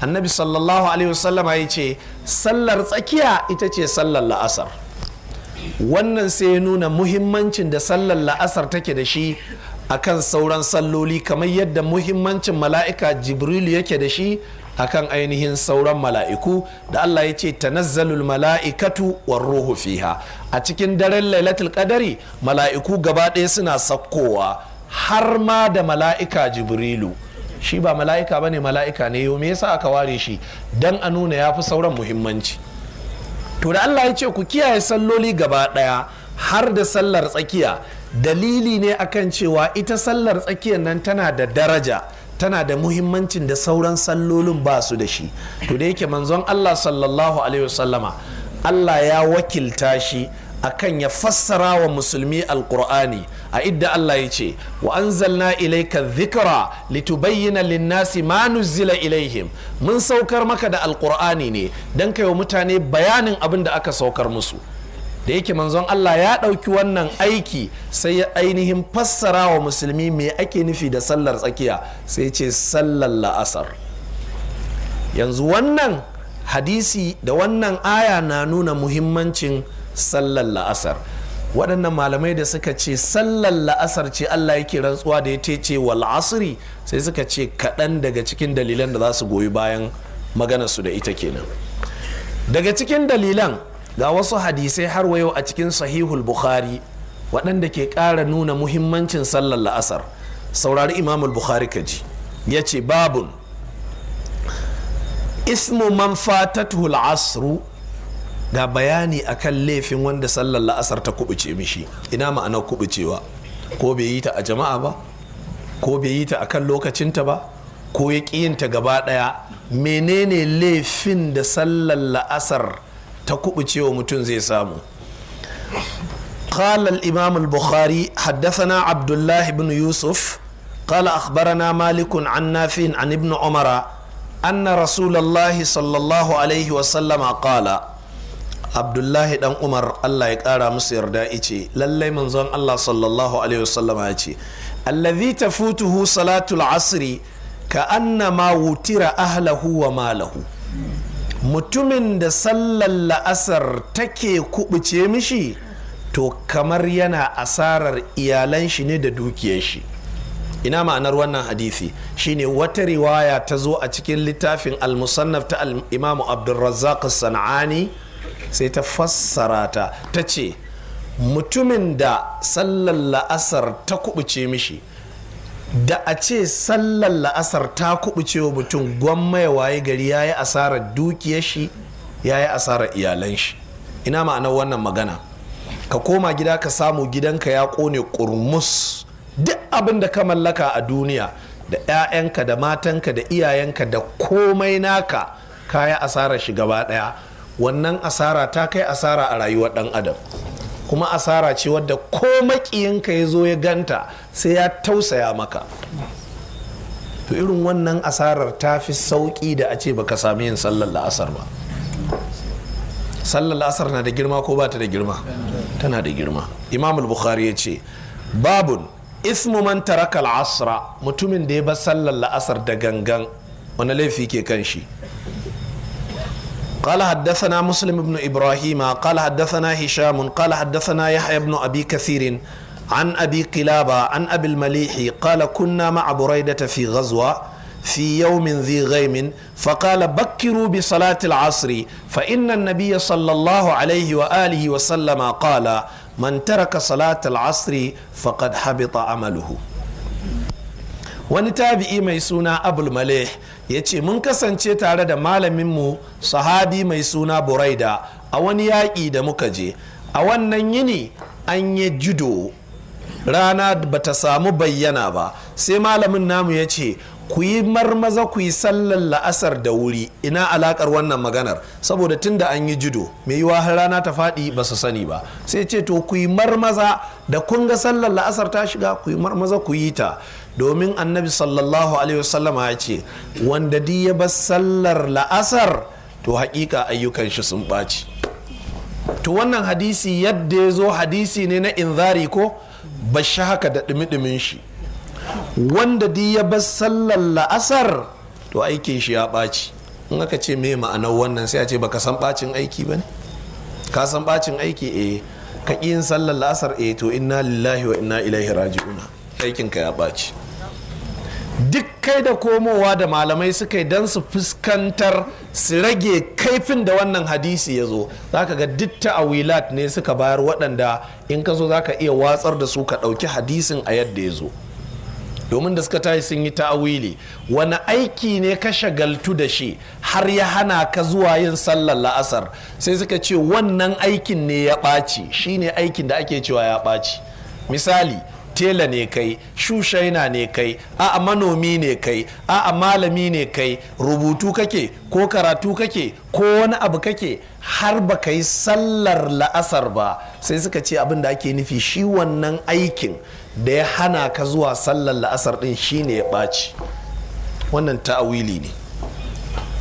Speaker 1: annabi sallallahu alaihi wasallama ya ce sallar tsakiya ita ce sallar la'asar wannan sai ya nuna muhimmancin da sallar la'asar take da shi akan sauran salloli kamar yadda muhimmancin mala'ika jibrilu yake da shi akan ainihin sauran mala'iku da Allah ya ce tanazzalul mala'ikatu war ruhu fiha a cikin daren lailatul qadari mala'iku gaba ɗaya suna sakkowa har ma da mala'ika jibrilu shi ba mala'ika ba ne mala'ika ne yau me yasa aka ware shi dan a nuna ya fi sauran muhimmanci to da Allah ya ce ku kiyaye salloli gaba daya har da sallar tsakiya dalili ne akan cewa ita sallar tsakiyar nan tana da daraja tana da muhimmancin da sauran sallolin ba su da shi to da yake manzon Allah sallallahu alaihi wasallama Allah ya wakilta shi akan ya fassara wa musulmi alkur'ani a idda Allah ya ce wa anzalna ilaika dhikra litubayyana linnasi ma nuzila ilaihim mun saukar maka da alkur'ani ne dan kai wa mutane bayanin abin da aka saukar musu da yake manzon Allah ya ɗauki wannan aiki sai ya ainihin fassara wa musulmi me ake nufi da sallar tsakiya sai ce sallar la'asar yanzu wannan hadisi da wannan aya na nuna muhimmancin sallar la'asar waɗannan malamai da suka ce sallar la'asar ce Allah yake rantsuwa da ya tece wal asri sai suka ce kaɗan daga cikin dalilan da za su goyi bayan maganarsu da ita kenan daga cikin dalilan ga wasu hadisai har wayo a cikin sahihul bukhari waɗanda ke ƙara nuna muhimmancin sallar la'asar saurari imamul bukhari kaji ya ce babun ismu man fatatuhul asru ga bayani akan laifin wanda sallar la'asar ta kubuce mishi ina ma'anar kubucewa ko bai yi ta a jama'a ba ko bai yi ta a kan lokacinta ba ko ya ƙiyinta gaba ɗaya menene laifin da sallar la'asar ta kubucewa mutum zai samu قال الإمام البخاري حدثنا عبد الله بن يوسف قال أخبرنا مالك عن نافع عن ابن عمر أن رسول الله صلى الله عليه وسلم قال abdullahi dan umar allah ya kara musu yarda ice lallai manzon allah sallallahu alaihi wasallama ya ce allazi tafutuhu salatul asri ka annama wutira ahlahu wa malahu mutumin da sallar la'asar take kubuce mishi to kamar yana asarar iyalan shi ne da dukiyar shi ina ma'anar wannan hadisi shine wata riwaya ta zo a cikin littafin al-musannaf ta al-imamu abdulrazzaq Sanani? sai ta fassara ta ta ce mutumin da sallar la'asar ta kubuce mishi da a ce sallar la'asar ta kubuce wa mutum gwamma ya waye gari ya yi asarar dukiyar shi ya yi asarar iyalan shi ina ma'anar wannan magana ka koma gida ka samu gidanka ya kone kurmus duk abin da ka mallaka a duniya da 'ya'yanka da matanka da iyayenka da komai naka yi asarar shi gaba daya wannan asara ta kai asara a rayuwar dan adam kuma asara ce wadda ko makiyinka ya zo ya ganta sai ya tausaya maka to irin wannan asarar ta fi sauƙi da a ce baka sami yin sallar la'asar ba sallar la'asar na da girma ko ba ta da girma tana da girma imam bukhari ya ce babun ismu man taraka al'asra mutumin da ya ba sallar la'asar da gangan wani laifi ke kan shi قال حدثنا مسلم بن إبراهيم قال حدثنا هشام قال حدثنا يحيى بن أبي كثير عن أبي قلابة عن أبي المليح قال كنا مع بريدة في غزوة في يوم ذي غيم فقال بكروا بصلاة العصر فإن النبي صلى الله عليه وآله وسلم قال من ترك صلاة العصر فقد حبط عمله wani tabi'i mai suna abul malih ya ce mun kasance tare da malaminmu sahabi mai suna buraida a wani yaƙi da muka je a wannan yini an yi judo rana ba ta samu bayyana ba sai malamin namu ya ce ku yi marmaza ku yi sallar la'asar da wuri ina alakar wannan maganar saboda tun da an yi judo mai yiwa har rana ta faɗi ba su sani ba sai ce to ku yi marmaza da kun ga sallar la'asar ta shiga ku yi marmaza ku yi ta domin annabi sallallahu alaihi wasallama ya ce wanda di ya bar sallar la'asar to hakika ayyukan shi sun ɓaci to wannan hadisi yadda ya zo hadisi ne na inzari ko ba shi haka da ɗumi shi wanda di ya bar sallar la'asar to aikin shi ya ɓaci in aka ce me ma'anar wannan sai a ce baka san ɓacin aiki ba ne ka san ɓacin aiki eh ka yin sallar la'asar eh to inna lillahi wa inna ilaihi raji'una aikinka ya ɓaci duk kai da komowa da malamai suka yi don su fuskantar su rage kaifin da wannan hadisi ya zo za ka ga duk ta'awilat ne suka bayar waɗanda in ka zo za ka iya watsar da su ka ɗauki hadisin a yadda ya zo domin da suka tashi sun yi ta'awili wani aiki ne ka shagaltu da shi har ya hana ka zuwa yin sallar la'asar sai suka ce wannan aikin ne ya ɓaci shine aikin da ake cewa ya ɓaci misali tela ne kai shushaina ne kai a'a manomi ne kai a'a malami ne kai rubutu kake ko karatu kake ko wani abu kake har ba ka yi sallar la'asar ba sai suka ce abin da ake nufi shi wannan aikin da ya hana ka zuwa sallar la'asar din shine ya ɓaci wannan ta'awili ne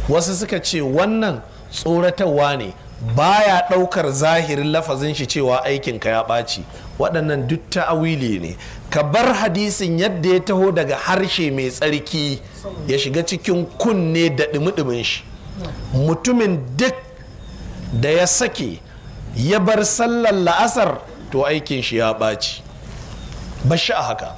Speaker 1: wasu suka ce wannan tsoratarwa ne baya ɗaukar zahirin lafazin shi cewa aikinka ya ɓaci waɗannan duk ta'awili ne ka bar hadisin yadda ya taho daga harshe mai tsarki ya shiga cikin kunne da ɗumi shi mutumin duk da ya sake ya bar sallar la'asar to aikin shi ya ɓaci bashi a haka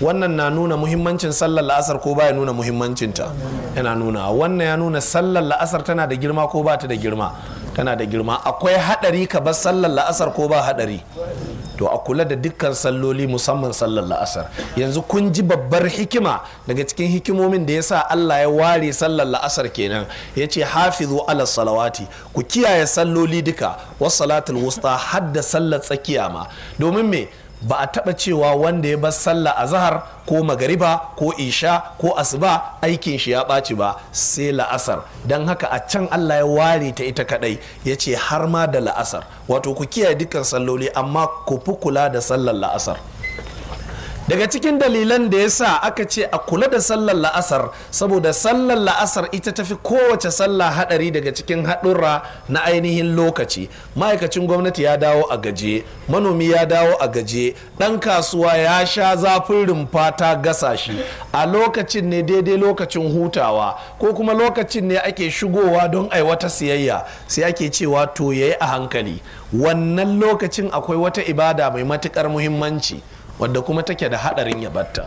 Speaker 1: wannan na nuna muhimmancin sallar la'asar ko ba ya nuna muhimmancinta yana nuna wannan ya nuna sallar la'asar tana da girma ko ba ta da girma tana da girma akwai haɗari ka bar sallar la'asar ko ba haɗari to a kula da dukkan salloli musamman sallar la'asar yanzu kun ji babbar hikima daga cikin hikimomin da yasa Allah ya ware sallar la'asar kenan ya ce hafizu ala salawati ku kiyaye salloli duka wasu salatul wusta hadda sallar tsakiya ma domin me ba a taɓa cewa wanda ya bar sallah a ko magariba ko isha ko asuba aikin shi ya ɓaci ba sai la'asar don haka a can allah ya ware ta ita kadai ya ce har ma da la'asar wato ku kiyaye dukkan salloli amma ku fi kula da sallar la'asar daga cikin dalilan da ya sa aka ce a kula da sallar la'asar saboda sallar la'asar ita tafi kowace sallah hadari daga cikin hadura na ainihin lokaci ma'aikacin gwamnati ya dawo a gaje manomi ya dawo a gaje dan kasuwa ya sha zafin rumfa ta gasa shi a lokacin ne daidai lokacin hutawa ko kuma lokacin ne ake shigowa don ai wata siyayya sai ake cewa to yayi a hankali wannan lokacin akwai wata ibada mai matukar muhimmanci wadda kuma take da hadarin ya batta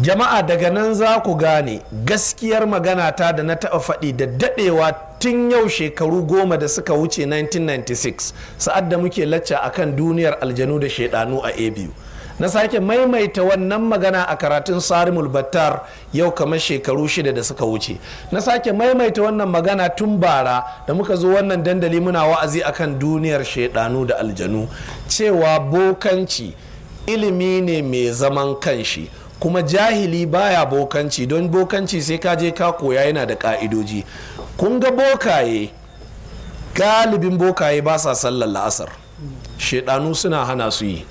Speaker 1: jama'a daga nan za ku gane gaskiyar magana ta da na taɓa faɗi da daɗewa tun yau shekaru goma da suka wuce 1996 sa'ad da muke lacca akan duniyar aljanu da shaidanu a abu na sake maimaita wannan magana a karatun sarimul battar yau kamar shekaru shida da suka wuce na sake maimaita wannan magana tun bara da muka zo wannan dandali muna wa'azi akan duniyar shaidanu da aljanu cewa bokanci ilimi ne mai zaman kanshi kuma jahili baya bokanci don bokanci sai ka je ka koya yana da ka'idoji kun ga bokaye galibin bokaye ba sa sallar la'asar shaidanu suna hana su yi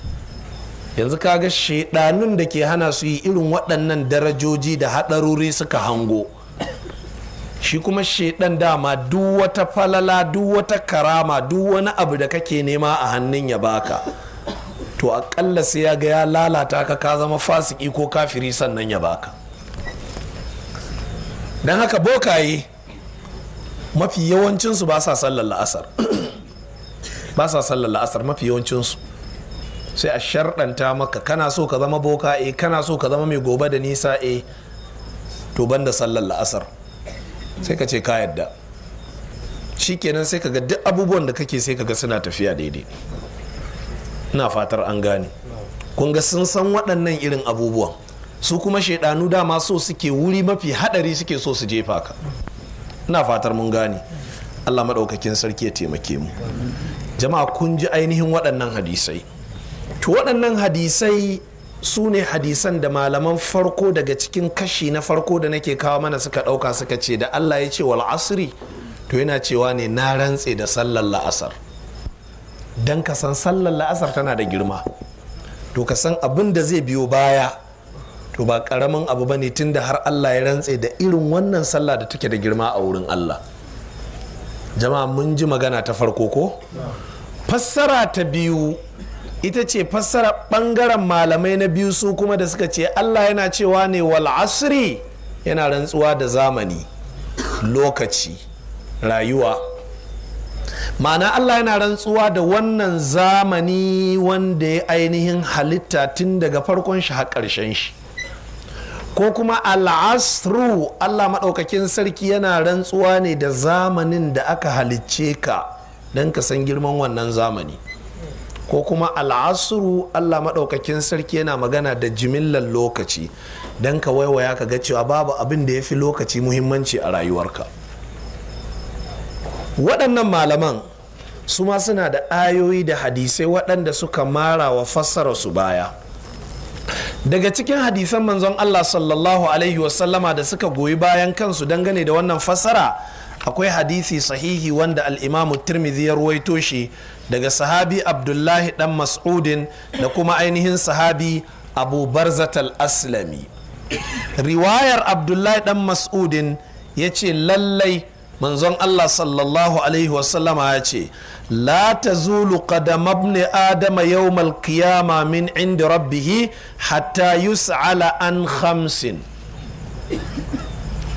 Speaker 1: yanzu kaga shaidanun da ke hana su yi irin waɗannan darajoji da haɗarori suka hango shi kuma shaidan dama duk wata falala duk wata karama duk wani abu da kake nema a hannun ya baka to aƙalla sai ya ga ya lalata ka ka zama fasiki ko kafiri sannan ya baka don haka bokaye mafi yawancinsu ba sa sallar la'asar ba sa sallar la'asar mafi yawancinsu sai a sharɗanta maka kana so ka zama boka e kana so ka zama mai gobe da nisa e to banda sallar la'asar sai ka ce ka yadda shikenan sai ka ga duk abubuwan da kake sai ka ga suna tafiya daidai ina fatar an gane kun ga sun san waɗannan irin abubuwan su kuma shaidanu dama so suke wuri mafi haɗari suke so su jefa ka ina fatar mun gane Allah maɗaukakin sarki ya taimake mu jama'a kun ji ainihin waɗannan hadisai to waɗannan hadisai su ne hadisan da malaman farko daga cikin kashi na farko da nake kawo mana suka ɗauka suka ce da allah ya ce wal asiri to yana cewa ne na rantse da sallar la'asar don ka san sallar la'asar tana da girma to ka san abin da zai biyo baya to ba ƙaramin abu ba ne tun da har allah ya rantse da irin wannan sallah da take da girma a wurin allah jama'a mun ji magana ta farko ko fassara ta biyu ita ce fassara ɓangaren malamai na biyu su kuma da suka ce allah yana cewa ne wal asri yana rantsuwa da zamani lokaci rayuwa ma'ana allah yana rantsuwa da wannan zamani wanda ya ainihin halitta tun daga farkon shi har ƙarshen shi ko kuma al'asru allah maɗaukakin sarki yana rantsuwa ne da zamanin da aka halicce ka don ka san girman wannan zamani ko kuma al'asuru allah maɗaukakin sarki yana magana da jimillar lokaci don ka waiwaya ka ga cewa babu abin da ya fi lokaci muhimmanci a rayuwarka waɗannan malaman su ma suna da ayoyi da hadisai waɗanda suka mara wa fassara su baya daga cikin hadisan manzon allah sallallahu alaihi wasallama da suka goyi bayan kansu dangane da wannan fassara akwai hadisi sahihi wanda al'imamu turmizi ya ruwaito shi daga sahabi abdullahi dan mas'udin da kuma ainihin sahabi abu barzatal aslami riwayar abdullahi dan mas'udin ya ce lallai manzon allah sallallahu alaihi wasallama ya ce la ta zulu ne adama yau malkiyama min inda rabbihi hatta yus'ala an khamsin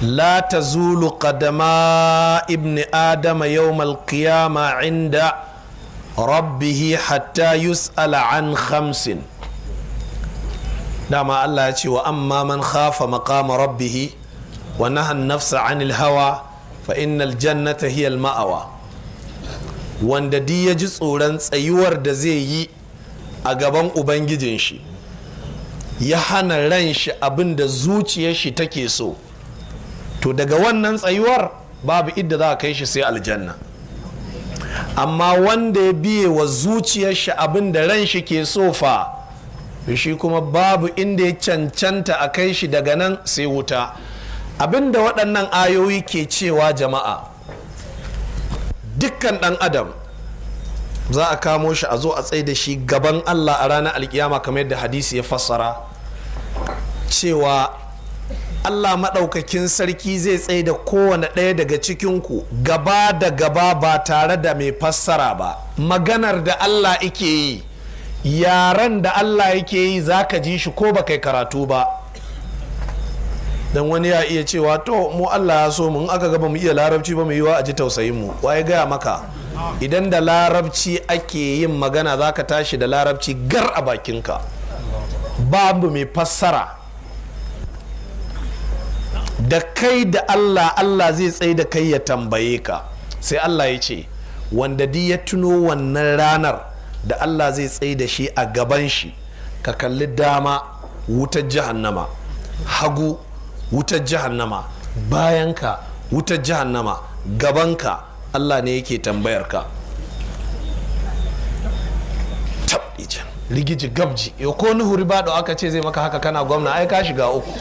Speaker 1: la ta zulu kadama ibni adama yau malkiyama inda rabbihi hatta yus'ala an khamsin dama Allah ya ce wa amma man khafa maqama rabbihi wa naha nafsa anil hawa fa innal jannata hiya ma'awa wanda di ya ji tsoron tsayuwar da zai yi a gaban ubangijin shi ya hana ran shi abin zuciyar shi take so to daga wannan tsayuwar babu idda za a kai shi sai aljanna amma wanda ya biye wa zuciyar shi abin da ran shi ke sofa shi kuma babu inda ya cancanta a kai shi daga nan sai wuta abin da waɗannan ayoyi ke cewa jama'a dukkan ɗan adam za a kamo shi a zo a tsaye da shi gaban allah a ranar alkiyama kamar yadda hadisi ya fassara cewa Allah maɗaukakin sarki zai tsaye da kowane ɗaya daga cikinku gaba da gaba ba tare da mai fassara ba maganar da Allah ike yi yaren da Allah yake yi za ka ji shi ko ba kai karatu ba don wani ya iya cewa to mu Allah ya so mu aka gaba mu iya larabci ba mu yi wa a ji tausayin mu waye gaya maka idan da larabci ake yin magana za ka tashi da larabci gar a bakinka babu mai fassara da kai da Allah Allah zai tsaye da kai ya tambaye ka sai Allah ya ce wanda di ya tuno wannan ranar da Allah zai tsaye da shi a gaban shi ka kalli dama wutar jahannama hagu wutar jahannama bayanka wutar jahannama gabanka Allah ne yake tambayar ka rigiji gabji yau ko nuhu ribado aka ce zai maka haka kana gwamna ai ka shiga uku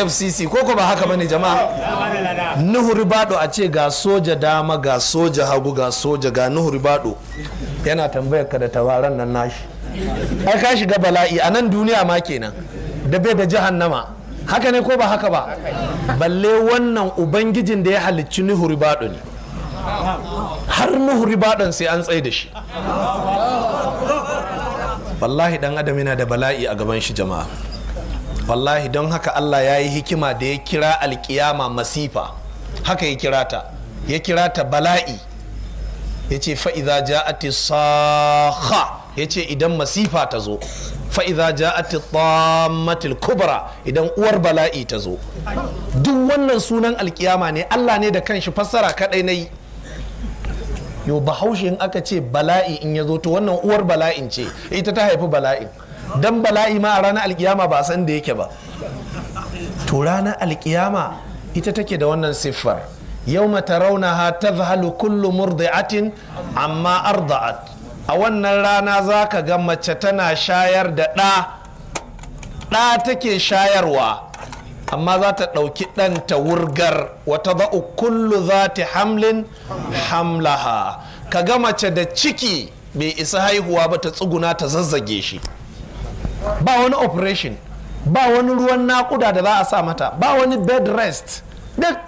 Speaker 1: efcc ko ko ba haka bane jama'a nuhu ribado a ce ga soja dama ga soja hagu ga soja ga nuhu ribado yana tambayar ka da tawaran nan nashi ai ka shiga bala'i a nan duniya ma kenan da bai da jahannama haka ne ko ba haka ba balle wannan ubangijin da ya halicci nuhu ribado ne har nuhu ribadon sai an tsaye da shi wallahi dan adam yana da bala'i a gaban shi jama'a wallahi don haka Allah ya yi hikima da ya kira alkiyama masifa haka ya kira ta ya kira ta bala'i ya ce fa'iza ja'ati saha ya ce idan masifa ta zo fa'iza ja'ati tsammatil kubra idan uwar bala'i ta zo duk wannan sunan alkiyama ne Allah ne da kanshi fassara kaɗai na yi yo bahaushe in aka ce bala'i in ya zo to wannan uwar bala'in ce ita ta haifi bala'in dan bala'i ma a ranar alkiyama ba san da yake ba to ranar alkiyama ita take da wannan siffar yau mata raunaha ta zahalu kullu murdi'atin amma arda'at a wannan rana za ka ga mace tana shayar da ɗa ɗa take shayarwa amma za ta ɗauki ɗanta wurgar wata za'u kullu za ta hamlin hamlaha ka ga mace da ciki bai isa haihuwa ba ta tsuguna ta zazzage shi ba wani operation ba wani ruwan naƙuda da za a sa mata ba wani bed rest duk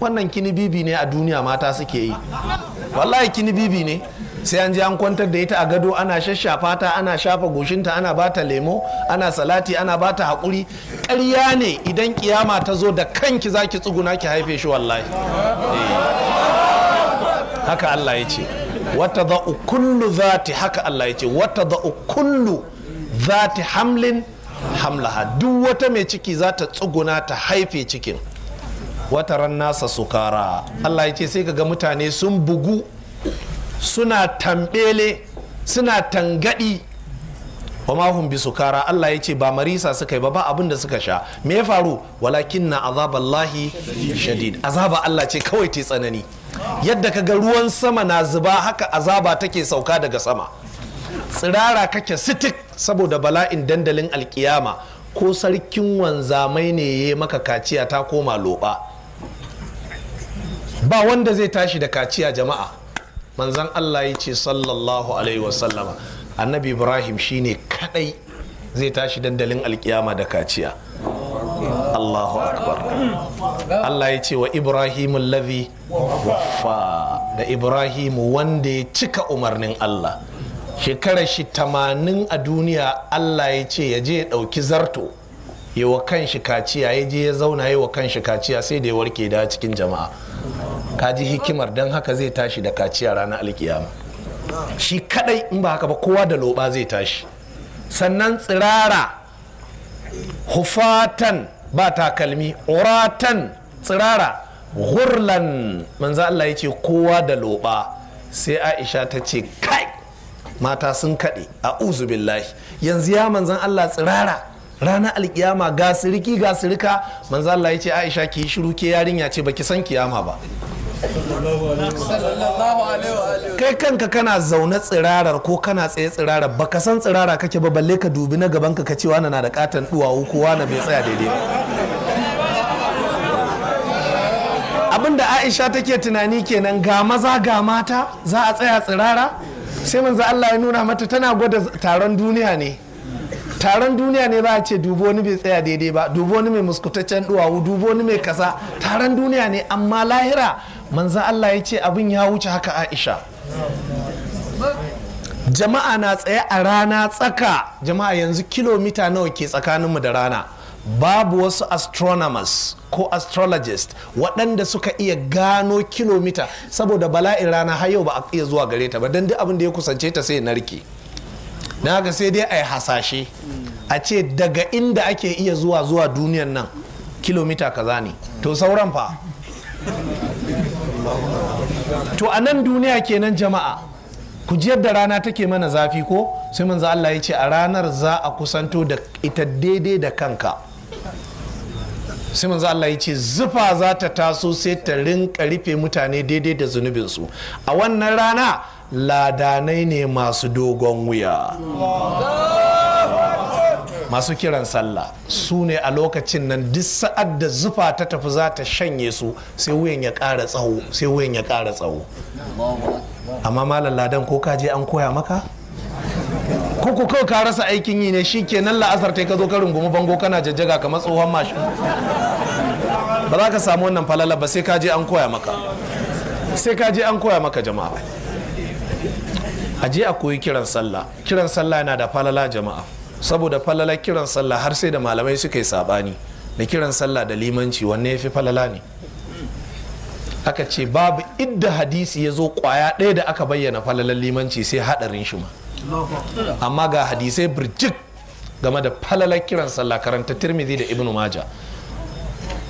Speaker 1: wannan kini bibi ne a duniya mata suke yi wallahi kini bibi ne sai an je an kwantar da ita a gado ana shashafa ta ana shafa goshinta ana bata lemo ana salati ana bata haƙuri ƙarya ne idan ƙiyama ta zo da kanki zaki tsuguna ki haife shi wallahi eh. haka Allah ya ce wata za'u kullu zati haka Allah ya ce wata za'u kullu zati hamlin hamlaha duk wata mai ciki za ta tsuguna ta haife cikin wata ran nasa sukara Allah ya ce sai ga mutane sun bugu suna tambele suna tangadi wa mahun bi sukara Allah ya ce ba marisa suka yi ba ba abin da suka sha me ya faru walakin na Allahi shadid azaba Allah ce kawai ta tsanani yadda ka ga ruwan sama na zuba haka azaba take sauka daga sama tsirara kake sitik saboda bala'in dandalin alkiyama ko sarkin wanzamai ne ya yi maka kaciya ta koma loba ba wanda zai tashi da kaciya jama'a manzan Allah ya ce sallallahu alaihi wasallama annabi ibrahim shine kadai zai tashi dandalin alkiyama da kaciya Allahu akbar Allah ya ce wa ibrahim lafi Wafa da ibrahim wanda ya cika umarnin Allah shekarar shi tamanin a duniya Allah ya ce ya je ya ɗauki zarto yi wa kan shi kaciya ya je ya zauna yi wa kan shi kaciya sai da ya warke da cikin jama'a kaji hikimar don haka zai tashi da kaciya ranar alkiyama shi kadai in ba haka ba kowa da loba zai tashi sannan tsirara hufatan ba takalmi uratan tsirara hurlan manza Allah ya ce kowa da loba sai aisha ta ce kai mata sun kaɗe a billahi yanzu ya manzan Allah tsirara ranar alkiyama ga siriki ga sirika manzo Allah ya ce Aisha ki shiru ke yarinya ce baki san kiyama ba kai kanka kana zaune tsirarar ko kana tsaye tsirarar ka san tsirara kake ba balle ka dubi na gaban ka ce wani na da katon duwawu ko wani bai tsaya daidai abinda aisha take tunani kenan ga maza ga mata za a tsaya tsirara sai manzo Allah ya nuna mata tana gwada taron duniya ne taron duniya ne ba a ce dubo wani bai tsaya daidai ba dubo wani mai muskutaccen duwawu dubo wani mai kasa taron duniya ne amma lahira manzo Allah ya ce abin ya wuce haka Aisha jama'a na tsaye a rana tsaka jama'a yanzu kilomita nawa ke tsakaninmu da rana babu wasu astronomers ko astrologist waɗanda suka iya gano kilomita saboda bala'in rana har yau ba a iya zuwa gare ta ba don duk abin da ya kusance ta sai narke na ga sai dai a yi hasashe a ce daga inda ake iya zuwa zuwa duniyan nan kilomita kaza ne to sauran fa to a nan duniya kenan jama'a ku ji yadda rana take mana zafi ko sai manzo Allah ya ce a ranar za a kusanto da ita daidai da kanka sai manzo Allah ya ce zufa za ta taso sai ta rinka rufe mutane daidai da zunubinsu a wannan rana ladanai ne masu dogon wuya masu kiran sallah su ne a lokacin nan duk sa'ad da zufa ta tafi za ta shanye su sai wuyan ya ƙara tsawo sai wuyan ya ƙara tsawo amma malam ladan ko ka je an koya maka ko ko kawai ka rasa aikin yi ne shi ke nan la'asar ta ka zo ka rungumi bango kana jajjaga kamar tsohon mashin ba za ka samu wannan falala ba sai ka je an koya maka sai ka je an koya maka jama'a a je a koyi kiran sallah kiran sallah yana da falala jama'a saboda falala kiran sallah har sai da malamai suka yi sabani da kiran sallah da limanci wanne ya fi falala ne aka ce babu idda hadisi ya zo kwaya ɗaya da aka bayyana falalan limanci sai haɗarin shi ma amma ga hadisai birjik game da falalar kiran sallah karanta tirmidhi da ibnu maja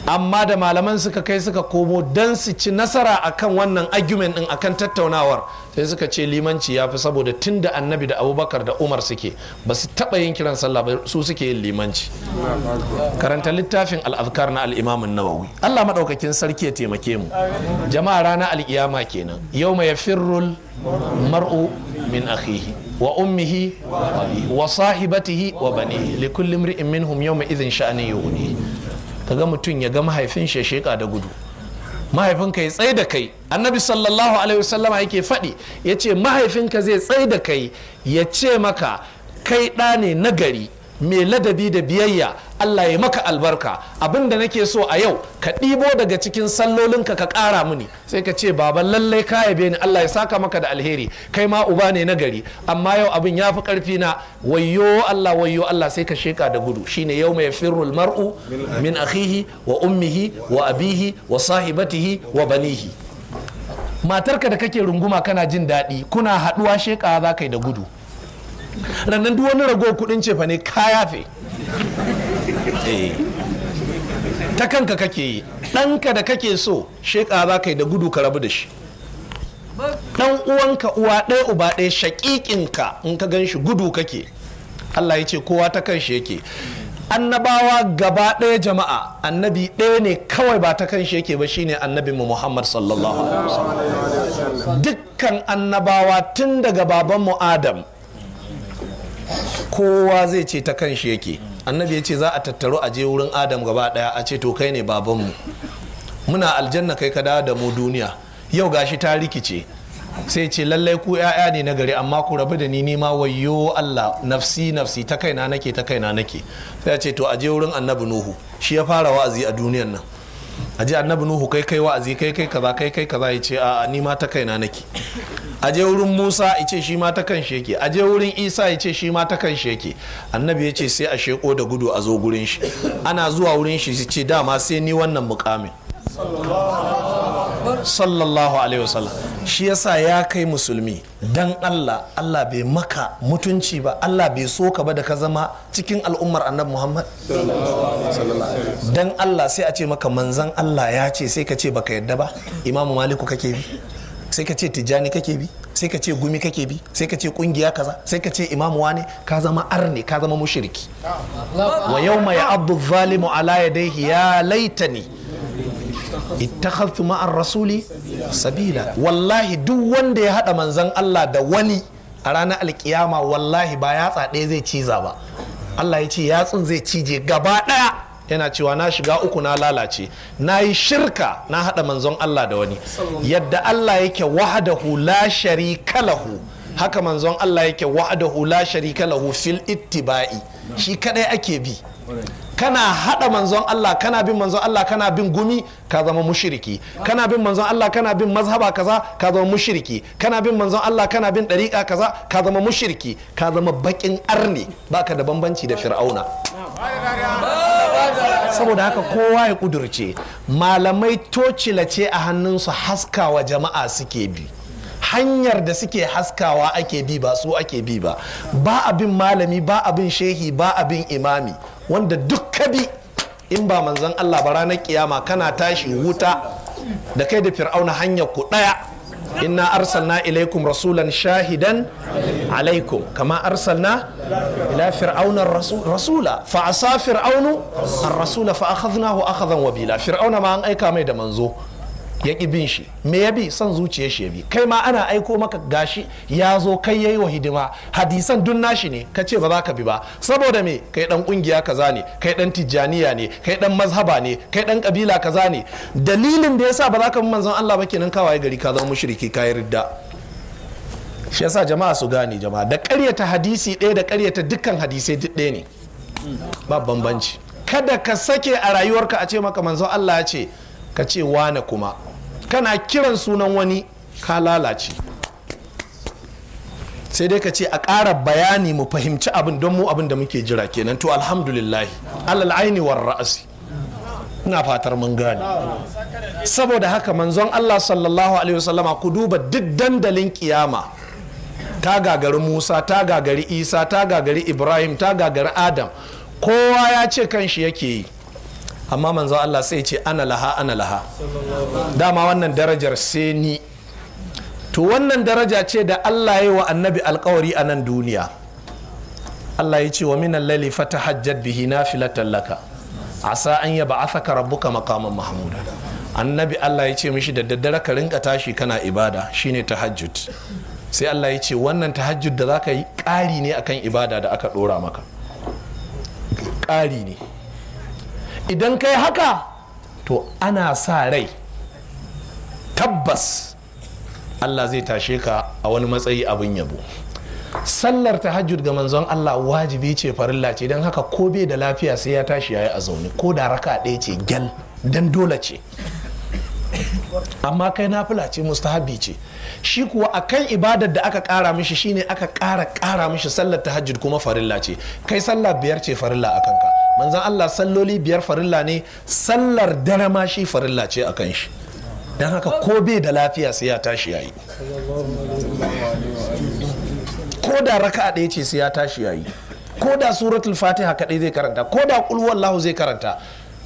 Speaker 1: amma da malaman suka kai suka komo don su ci nasara akan wannan argument din akan tattaunawar sai suka ce limanci ya fi saboda tun da annabi da abubakar da umar suke ba su taɓa yin kiran sallah ba su suke yin limanci karanta littafin al'adkar na al'imamin nawawi allah maɗaukakin sarki ya taimake mu jama'a rana al'iyama kenan yau mai firrul mar'u min akhihi wa ummihi wa sahibatihi wa bani likulli imri'in minhum yawma idhin sha'ani yughnihi ka ga mutum ya ga mahaifin shi sheka da gudu mahaifinka ya tsaye da kai annabi sallallahu alaihi wasallama yake faɗi ya ce mahaifinka zai tsaye da kai ya ce maka kai ɗa ne na gari mai ladabi da biyayya Allah ya maka albarka abin da nake so a yau ka ɗibo daga cikin sallolinka ka ƙara muni. sai ka ce baban lallai ka yabe ni Allah ya saka maka da alheri kai ma uba ne na gari amma yau abin ya fi ƙarfi na wayyo Allah wayyo Allah sai ka sheka da gudu shine yau mai firrul mar'u min akhihi wa ummihi wa abihi wa sahibatihi wa banihi matarka da kake runguma kana jin daɗi kuna haɗuwa sheka za ka yi da gudu rannan duk wani rago kudin cefa ne ka yafe eh. ta kanka kake yi ɗanka da kake so sheƙa za ka yi da gudu ka rabu da shi ɗan uwanka uwa ɗaya uba ɗaya shaƙiƙinka in ka gan shi gudu kake allah ya ce kowa ta kan shi yake annabawa gaba ɗaya jama'a annabi ɗaya ne kawai ba ta kan shi yake ba shine annabin mu Muhammad sallallahu alaihi wasallam dukkan annabawa tun daga baban mu Adam kowa zai ce ta kan shi yake annabi ya ce za a tattaro a je wurin adam gaba daya a ce to kai ne babanmu muna aljanna kai ka dawo da mu duniya yau gashi ta rikice sai ce lallai ku ya'ya ne na gari amma ku rabu da ni nima wayo Allah nafsi nafsi ta kaina nake ta kaina nake sai ya ce to aje wurin annabi nuhu shi ya fara wa'azi a duniyan nan aje annabi nuhu kai kai wa'azi kai kai kaza kai kai kaza ya ce a ni ma ta kaina nake Aje wurin musa ya ce shi ma ta kan sheke aje wurin isa ya ce shi ma ta kan sheke annabi ya ce sai a sheko da gudu a zo gurin shi ana zuwa wurin shi su ce dama sai ni wannan mukamin sallallahu alaihi wasallam shi yasa ya kai musulmi dan Allah Allah bai maka mutunci ba Allah bai so ka ba da ka zama cikin al'ummar annabi Muhammad dan Allah sai a ce maka manzan Allah ya ce sai ka ce baka yadda ba imamu maliku kake bi sai ka ce tijjani kake bi sai ka ce gumi kake bi sai ka ce kungiya kaza sai ka ce imamu wane ka zama arne ka zama mushriki wa yau mai abu zalimu ala ya dai ya laita Ita ittakhadtu ma'an rasuli sabila wallahi duk wanda ya hada manzon Allah da wani a ranar alkiyama wallahi ba yatsa ɗaya zai ciza ba Allah ya ce yatsun zai cije gaba ɗaya yana cewa na shiga uku na lalace na yi shirka na haɗa manzon Allah da wani yadda Allah yake wahadahu la sharika lahu haka manzon Allah yake wahadahu la sharika lahu fil ittiba'i shi kadai ake bi kana haɗa manzon Allah kana bin manzon Allah kana bin gumi ka zama mushriki kana bin manzon Allah kana bin mazhaba kaza ka zama mushriki kana bin manzon Allah kana bin dariqa kaza ka zama mushriki ka zama baƙin arne baka da bambanci da fir'auna saboda haka kowa ya kudurce malamai tocila ce a hannunsu haskawa jama'a suke bi hanyar da suke haskawa ake bi ba su ake bi ba ba abin malami ba abin shehi ba abin imami wanda duk bi in ba manzan Allah ba ranar kiyama kana tashi wuta da kai da fir'auna hanyar ku ɗaya inna arsalna ilaikum rasulan shahidan alaikum kama arsalna ila fir'auna rasula fa asa fir'aunu ar-rasula fa akhadnahu akhadan wabila fir'auna ma an aika mai da manzo ya ƙi bin shi me ya bi son zuciyar shi ya bi kai ma ana aiko maka gashi ya zo kai yayi wa hidima hadisan dun nashi ne ka ce ba za ka bi ba saboda me kai dan kungiya kaza ne kai dan tijjaniya ne kai dan mazhaba ne kai dan kabila kaza ne dalilin da yasa ba za ka bi manzon Allah ba kenan kawai gari ka zama mushriki kai ridda shi yasa jama'a su gane jama'a da ƙaryata hadisi ɗaya da ƙaryata dukkan hadisai duk ɗaya ne ba bambanci kada ka sake a rayuwarka a ce maka manzon Allah ya ce ka ce wane kuma kana kiran sunan wani ka lalace sai dai ka ce a ƙara bayani mu fahimci abin don mu abin da muke jira kenan to alhamdulillah alal aini war ra'asi ina fatar mun gane saboda haka manzon Allah sallallahu alaihi wasallama ku duba duk dandalin kiyama ta gagari Musa ta gagari Isa ta gagari Ibrahim ta gagari Adam kowa ya ce kan kanshi yake yi amma manzo Allah sai ce ana laha ana laha dama wannan darajar sai ni to wannan daraja ce da Allah ya yi wa annabi alkawari a nan duniya Allah ya ce wa minan laili fata hajjat bihi na laka asa an ya ba ba'athaka ka maqaman mahmuda annabi Allah ya ce mishi da daddare ka rinka tashi kana ibada shine tahajjud sai Allah ya ce wannan tahajjud da za ka yi ƙari ne akan ibada da aka ɗora maka ƙari ne idan kai haka to ana sa rai tabbas Allah zai tashe ka a wani matsayi abin yabo sallar ta hajjud ga manzon Allah wajibi ce farilla ce don haka ko bai da lafiya sai ya tashi yayi a zaune ko da raka ɗaya ce gyal don dole ce amma kai nafila ce mustahabi ce shi kuwa a kan ibadar da aka ƙara mishi ne aka ƙara kara mishi sallar ta hajjud kuma farilla ce kai sallah biyar ce farilla a kanka manzan Allah salloli biyar farilla ne sallar dare ma shi farilla ce a kan shi don haka ko bai da lafiya sai ya tashi yayi ko da raka ɗaya ce sai ya tashi yayi ko da suratul fatiha kaɗai zai karanta ko da kulwallahu zai karanta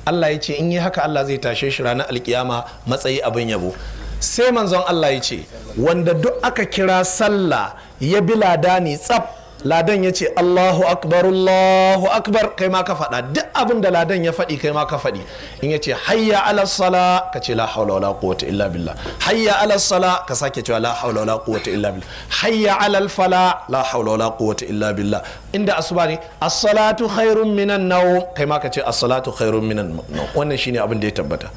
Speaker 1: Allah ya ce in yi haka Allah zai tashe shi ranar alkiyama matsayi abin yabo sai manzon Allah ya ce wanda duk aka kira sallah ya bi ladani tsaf ladan ya ce allahu akbar allahu akbar kai ma ka faɗa duk abin da ladan ya faɗi kai ma ka faɗi in ya ce hayya ala sala ka ce la haula wala quwwata illa billah hayya ala sala ka sake cewa la haula wala quwwata illa billah hayya ala fala la haula wala quwwata illa billah inda asuba ne as-salatu khairun minan nawm kai ma ka ce as-salatu khairun minan nawm wannan shine abin da ya tabbata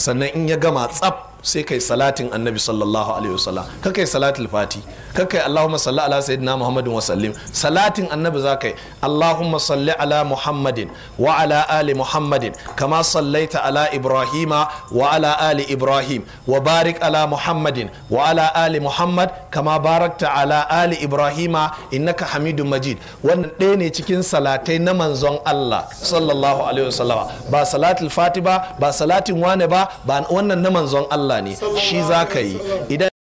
Speaker 1: sannan in ya gama tsaf sai kai salatin annabi sallallahu alaihi wasallam ka kai salatul fati ka kai allahumma salli ala sayyidina muhammadin wa sallim salatin annabi za kai allahumma salli ala muhammadin wa ala ali muhammadin kama sallaita ala ibrahima wa ala ali ibrahim wa barik ala muhammadin wa ala ali muhammad kama barakta ala ali ibrahima innaka hamidun majid wannan ɗaya ne cikin salatai na manzon allah sallallahu alaihi wasallam ba salatul fati ba ba salatin wane ba ba wannan na manzon allah ne shi za ka yi idan